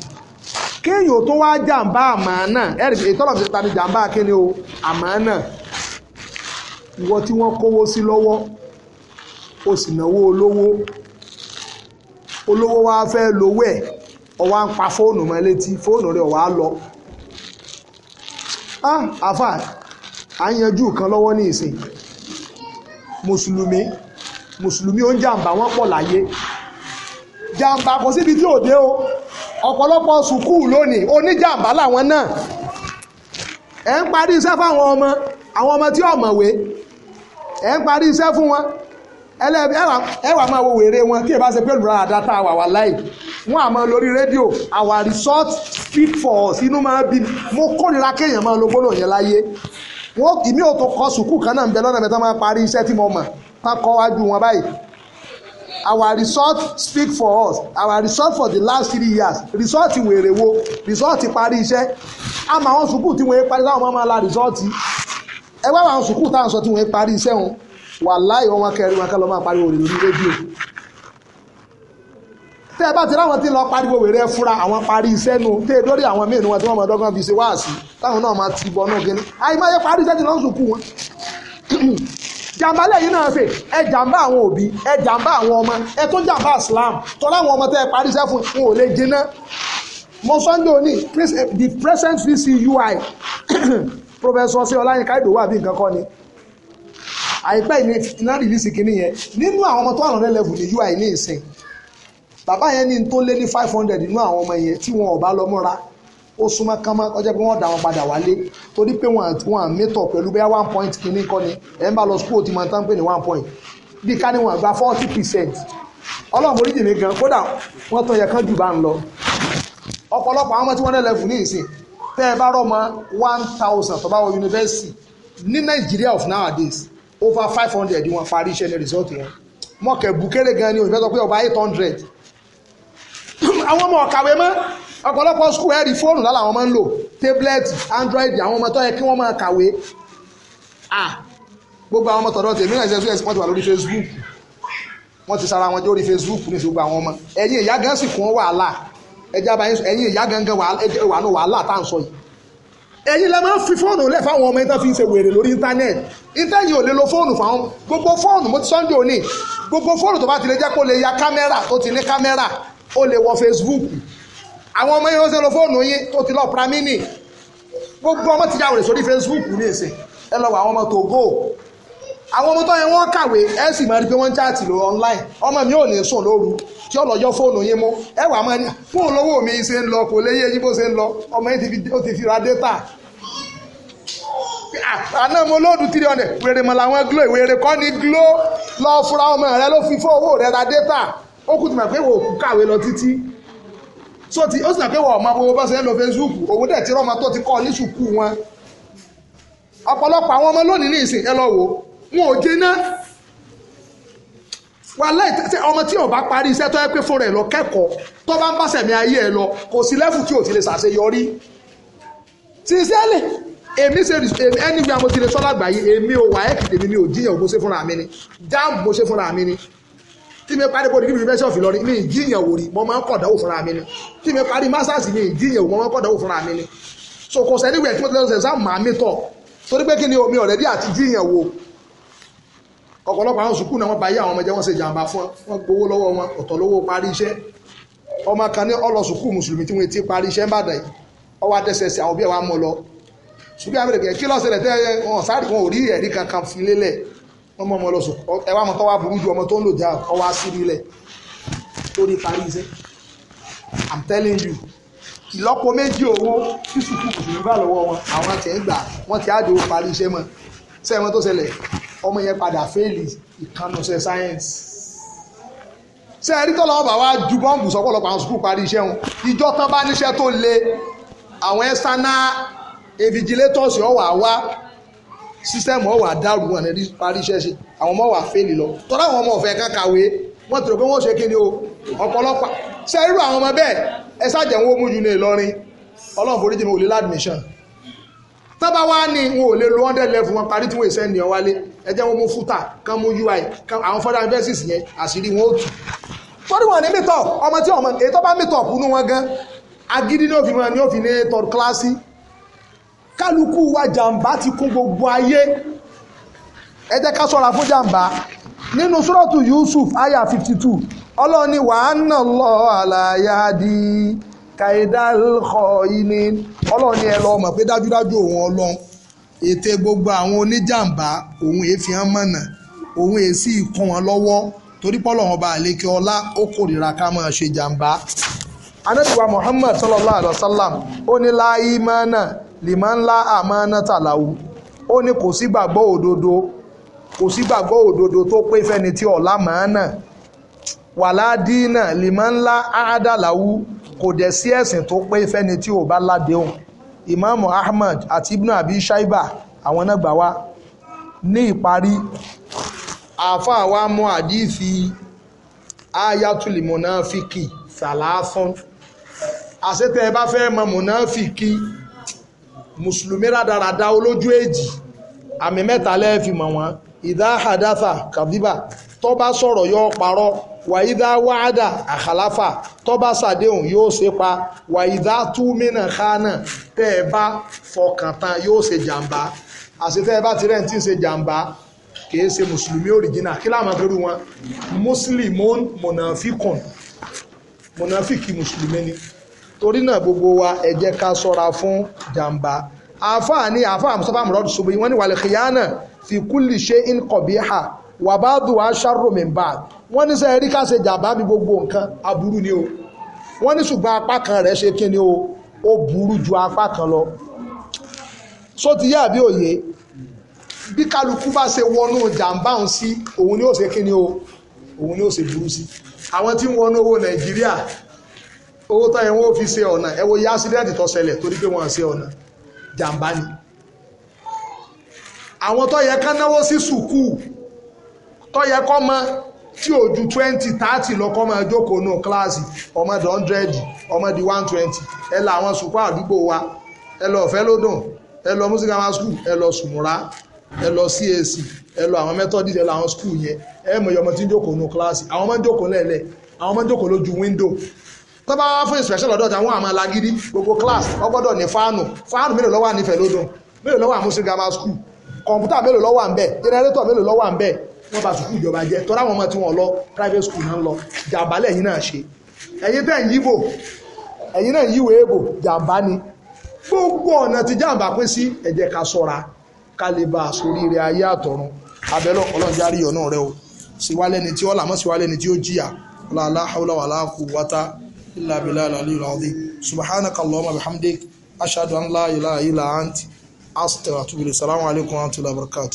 kéèyàn tó wá jàǹbá àmánà ẹ̀rì ìtọ́lọ̀ fi ta ni jàǹbá kíni o àmánà ìwọ tí wọ́n kówó sí lọ́wọ́ o sì náwó olówó olówó wa fẹ́ lówó ẹ̀ ọwọ́ à ń pa fóònù mọ́ létí fóònù rẹ̀ ọ̀wá lọ. àfà à ń yanjú kan lọ́wọ́ ní ìsìn mùsùlùmí mùsùlùmí ó ń jàǹbá wọ́n pọ̀ láyé jàǹbá kò síbi tí ò dé o ọ̀pọ̀lọpọ̀ sùkúù lónìí oníjàǹbá làwọn náà ẹ̀ ń parí iṣẹ́ fáwọn ọmọ àwọn ọmọ tí ọ̀mọ̀wé ẹ̀ ń parí iṣẹ́ fún wọn ẹwà máa wo wèrè wọn tí ẹ bá ṣe pé olùrà àdáta àwà wà láì wọn àmọ́ lórí rédíò our result speak for us inú máa bí mo kórìíra kéèyàn máa lo gbólóhùn yẹn láyé wọn ìmí ò tó kọ sùkúù kan náà ń bẹ lọ́nà mẹ́ta máa parí iṣẹ́ tí mo mọ̀ tá kọ́ wájú wọn báyìí our result speak for us our result for the last three years result wèrè wo result parí iṣẹ́ àmọ́ àwọn sùkúù tí wọ́n parí táwọn máa la result ẹ wá àwọn sùkúù táwọn sọ tí wọ́n parí iṣẹ́ wọn wàláì wọn kẹrin wọn kẹ lọ máa pariwo rè lórí rédíò tẹ́ ẹ bá ti ráwọn tí lọ pariwo wèrè ẹ fúra àwọn parí iṣẹ́ nu tẹ́ ẹ lórí àwọn míì ni wọn tí wọ́n mọ̀ dọ́gán fi ṣe wáàsí táwọn náà máa ti bọnú gini àìmọye parí iṣẹ́ ti lọ sùn kú wọn. jàǹbá lẹ́yìn náà ṣe ẹ jàǹbá àwọn òbí ẹ jàǹbá àwọn ọmọ ẹ tó jàǹbá Islam tọ́lá àwọn ọmọ tẹ́ ẹ parí iṣẹ́ fún wọn ò lè jiná. mo sunday òní eh, the present vcui professor ṣe ọláyínká ìdòwò àbí nǹkan kọ́ ni àìpẹ́ ìní iná rìlíìsì kìíní yẹn nínú àwọn ọmọ tó wà UI ní ìsìn bàbá yẹn ní tó lé ní five hundred nínú àwọn ọmọ yẹn tí wọn ò bá lọ mọ́ra ó súnmọ́ kánmá ọjọ́ pé wọ́n dà wọn padà wálé torí pé wọ́n à mẹ́tọ̀ pẹ̀lú bẹ́ẹ̀ one point kìíní kọ́ ni ẹ̀ ń bá lọ ti máa tán pé ní one point bí ká ní wọn gba forty percent ọlọ́run orí jìnnì gan kódà wọ́n tán yẹ kán jù bá ń lọ ọ̀pọ̀lọpọ̀ àwọn ọmọ of nowadays over five hundred wọn parí iṣẹ́ ní result wọn mọ̀kẹ́ bukere gan ni òyìnbó sọ pé ọba eight hundred àwọn ọmọ ọ̀kàwé mọ́ ọ̀pọ̀lọpọ̀ skul ẹ̀rí fóònù lálẹ́ àwọn ọmọ ń lò tablet android àwọn ọmọ tó yẹ kí wọ́n máa kàwé ah gbogbo àwọn ọmọ tọ̀dọ̀ tèmi náà ṣe ṣe wọ́n ti wà lórí facebook wọ́n ti sara wọn jórí facebook ní ṣùgbọ́n àwọn ọmọ ẹ̀yin ìyá gan sì kún wàhálà ẹ̀yin ìyá gangan wàhálà táà ń sọ yìí ẹ̀yin lẹ́ máa ń fi fóònù lẹ̀ fáwọn ọmọ ìtàn fi ń ṣe wèrè lórí íńtánẹ́ẹ̀tì íńtánẹ́ẹ̀tì ò lè lo fóònù fáwọn gbogbo fóònù mo ti sọ́njọ́ òní gbogbo fóònù tó bá ti lè jẹ́ kó lè ya kámẹ́rà tó ti ní kámẹ́rà ó lè wọ Facebook àwọn ọmọ yẹn ló ṣe lo fóònù yín tó ti lọ pramini gbogbo ọmọ ti yàwòrè sórí Facebook ní ìsìn ẹ lọ wọ àwọn ọmọ Togo àwọn ọmọ tó yẹ wọ́n kàwé ẹ sì máa rí pé wọ́n ń chaàtì lọ online ọmọ mi ò ní sùn lóru tí ọlọ́jọ́ fóònù yín mú ẹ wà máa ní fóònù lọ́wọ́ mi ṣe ń lọ kò lè yé yín bó ṣe ń lọ ọmọ yín ó ti fi ra data àná mo lóòdù three hundred wèrè mọ̀ làwọn glo ìwèrè kọ́ ni glo lọ fura ọmọ rẹ ló fi fowó rẹ ra data ó kù tìmọ̀ pé wò ó kàwé lọ títí so ti ó sì nà pé wọ́n ọmọ gbogbo bá ṣe ń lo Facebook òwò dẹ̀ tí rọ́mọ tó ti kọ́ ní sùkú wọn ọ̀pọ̀lọpọ̀ àwọn ọmọ lónìí ní ìsìn ẹ lọ wò ó wọn ò jẹná wàláì tẹ ọmọ tí ó bá parí iṣẹ́ tó yẹ pé fúnra ẹ̀ lọ kẹ́kọ̀ọ́ tó bá ń bá sẹ̀mí ayé ẹ̀ lọ kò sí lẹ́fù tí ò ti lè ṣàṣeyọrí sincerely èmi ṣe ẹni bí amọ̀ ti lè sọ lágbàáyé èmi ò wà ẹ́ kìtèmi mi ò jiyàn mo ṣe fúnra mi ni jáàmù mo ṣe fúnra mi ni tí mi parí bọ́dí níbi university of Ìlọrin mi ìjìyàn wò rí mo máa ń kọ̀dánwò fúnra mi ni tí mi parí masters mi ìjìyàn wò mo máa ń kọ̀dánwò fúnra mi ni so kò sẹ́ni wẹ̀ tí mo ti lọ́sẹ̀ sáà máa mi tọ̀ torí pé kí ni omi ọ̀rẹ́dí àti jìyàn wò ọ̀pọ̀lọpọ̀ àwọn sùkúù náà wọ́n bá yé àwọn ọmọdé wọ́n ṣe jàǹbá fún wọn gbowó lọ́wọ́ wọn ọ̀tọ̀ lówó parí iṣẹ́ ọmọ kan ní ọlọ sùkúù mùsùlùmí tí wọ́n ti parí iṣẹ́ ń bàdàn yìí ọwọ́ adẹ́sẹ̀ sí àwọn òbí ẹ̀ wá mọ́ lọ sùkúù abẹ́rẹ́ kẹ́ kí lọ́sẹ̀lẹ̀ tẹ́ wọn sáré wọn ò rí ẹ̀rí kankan fi lélẹ̀ wọ́n mọ́ ọmọ lọ sùkúù ẹ wá mọ́ tó wá burú ju ọmọ tó ń lò já ọwọ́ asírí lẹ̀ lórí parí iṣẹ́ i'm telling you ìlọ́po ọmọ yẹn padà fẹ́ẹ̀lì ìkànnọ̀sẹ̀ science ṣé ẹ̀rí tó lọ́wọ́ bá wá ju bọ́ǹbù sọ́pọ̀lọpọ̀ àwọn sùkúù parí iṣẹ́ wọn ìjọ tán bá níṣẹ́ tó le àwọn external invigilators yóò wà wá sísẹ́mù ọ̀wà dàrú wọn ní parí iṣẹ́ ṣe àwọn ọmọ wà fẹ́ẹ̀lì lọ tọ́lá àwọn ọmọ ọ̀fẹ́ kan kàwé wọ́n ti rò pé wọ́n ṣe kí ni o ọ̀pọ̀lọpọ̀ ṣe irú àwọn ọmọ bẹ́ẹ̀ ẹ sáàjẹ̀ wọn ó mú ju ní Ìlọrin Ọlọ́run foríjì mi ò lè ládùmíṣàn tọ́ba wá ní wọn ò lè lo hundred level wọn parí tí wọ́n ìṣẹ́ ènìyàn wálé ẹ jẹ́ wọn mú fúta kán mú ui àwọn federal universities yẹn àṣírí wọn ó tù torí wọn ní mítọ̀ ọmọ tí ọmọ èyí tó bá mítọ̀ kúnú wọn gan agídí ní òfin wọn ni ó fi ní third class kálukú wa jàǹbá ti kún gbogbo ayé ẹ jẹ́ ká ṣọ́ra fún jàǹbá nínú sùrọ̀tù Yusuf aya fifty two ọlọ́ọ̀ni wàá nà lọ́ọ́ àlàyé adìí kàìdálkọ̀ ìní ọlọ́run ni ẹ lọ mọ̀ pé dájúdájú òun ọlọ́run ète gbogbo àwọn oníjàǹbá òun èéfì hàn mọ̀nà òun èsì ìkún wọn lọ́wọ́ torí pọ́lọ̀ wọn bá àlékè ọlá ó kórìíra ká máa ṣe jàǹbá. anábìwá Muhammad sallallahu alayhi wa sallam ó ní láàyè mọ́nà lìmọ́nlá àmọ́nà tàlàwù ó ní kò sí gbàgbọ́ òdodo kò sí gbàgbọ́ òdodo tó pé fẹ́ni tí ọ̀la mọ́nà wàlá dínà lìmọ́nlá àádàláwù kò dẹ̀ sí ẹ̀sìn tó pé fẹ́ni tí ò bá ládéhùn ìmáàmù Ahmad àti Ibn Abi Shaiba àwọn náà gbà wá ní ìparí àáfàá wa mú àdífi ayatul monafiki salasun àṣetẹ ẹ bá fẹ́ mọ monafiki mùsùlùmí rádaràda olójú èjì àmì mẹ́ta lẹ́ẹ̀fì mọ̀ wọ́n ìdá hadatha kàdíbà tó bá sọ̀rọ̀ yóò parọ́ wàyídá wáádà àkàláfà tó bá ṣàdéhùn yóò ṣe pa wàyídá túmínà kánà tẹ́ ẹ bá fọkàn tán yóò ṣe jàǹbá àṣetẹ́ ẹ bá ti rẹ́ǹtì ṣe jàǹbá kìí ṣe mùsùlùmí òrìjìnà kí láàmà pẹ̀lú wọn muslimun mọ̀nàfíkùn mọ̀nàfíkì mùsùlùmí ni torí náà gbogbo wa ẹ jẹ́ ká sọ́ra fún jàǹbá àfáà ní àfáà mustapha murad sobi wàlẹ̀ kìyànà fi kúlì ṣe in kọ̀bíhà wàbáàdù aṣáàrò mẹ́mbà wọ́n ní sẹ́ ẹ̀rí káṣe jàbá mi gbogbo nǹkan aburú ni o wọ́n ní ṣùgbọ́n apá kan rẹ̀ ṣe kí ni o ó burú ju apá kan lọ só ti yá àbí òye bí kálukú bá ṣe wọnú jàǹbá òun sí òun ni ó ṣe kí ni o òun ni ó ṣe burú sí àwọn tí ń wọnú owó nàìjíríà owó tán ẹ̀wọ̀n ó fi ṣe ọ̀nà ẹ wo yá ásídẹ́ǹtì tó ṣẹlẹ̀ torí pé wọ́n ṣe ọ̀nà jàǹbá ni àwọn tó yẹ ká náwó sí sùkúù tó yẹ kọ́ mọ tí ò ju twenty thirty lọ́kọ́ máa jókòó nù kíláàsì ọmọ di hundred ọmọ di one twenty ẹ lọ àwọn sùpà àdúgbò wa ẹ lọ ọ̀fẹ́ lódùn ẹ lọ musical school ẹ lọ sùmùrà ẹ lọ CAC ẹ lọ àwọn methodist ẹ lọ àwọn school yẹn ẹ mọ̀ iye ọmọ tí ń jókòó nù kíláàsì àwọn ọmọ ń jókòó lẹ́lẹ̀ àwọn ọmọ ń jókòó lójú window tó bá wá fún inspection lọ́dọ̀ tí àwọn àmọ́ alágídí gbogbo class ó gbọ́dọ̀ ní fáànù fáànù mélòó ló wà nífẹ̀ẹ́ lódún mélòó ló wà àmúṣe grammar school kọ̀ǹpútà mélòó ló wà ń bẹ̀ jẹnẹrétọ̀ mélòó ló wà wọ́n bá sùkúù ìjọba jẹ́ tọ́lá àwọn ọmọ tí wọ́n lọ private school náà lọ jàǹbálẹ̀ yìí náà ṣe ẹ̀yin tẹ́ ń yíbò ẹ̀yin náà yíwò èèbò jàǹbá ni gbogbo ọ̀nà tí jàǹbá pín sí ẹ jẹ́ ká sọ́ra ká lè bá àsorí rẹ̀ ayé àtọ̀run abẹ́lọ́ ọlọ́njárí ọ̀nà rẹ o síwálẹ́ni tí ọ̀là mọ́ síwálẹ́ni tí ó jìyà ọ̀làlá haúlá wà láàkú wátá ilà bìlà àlàlí ìlàlí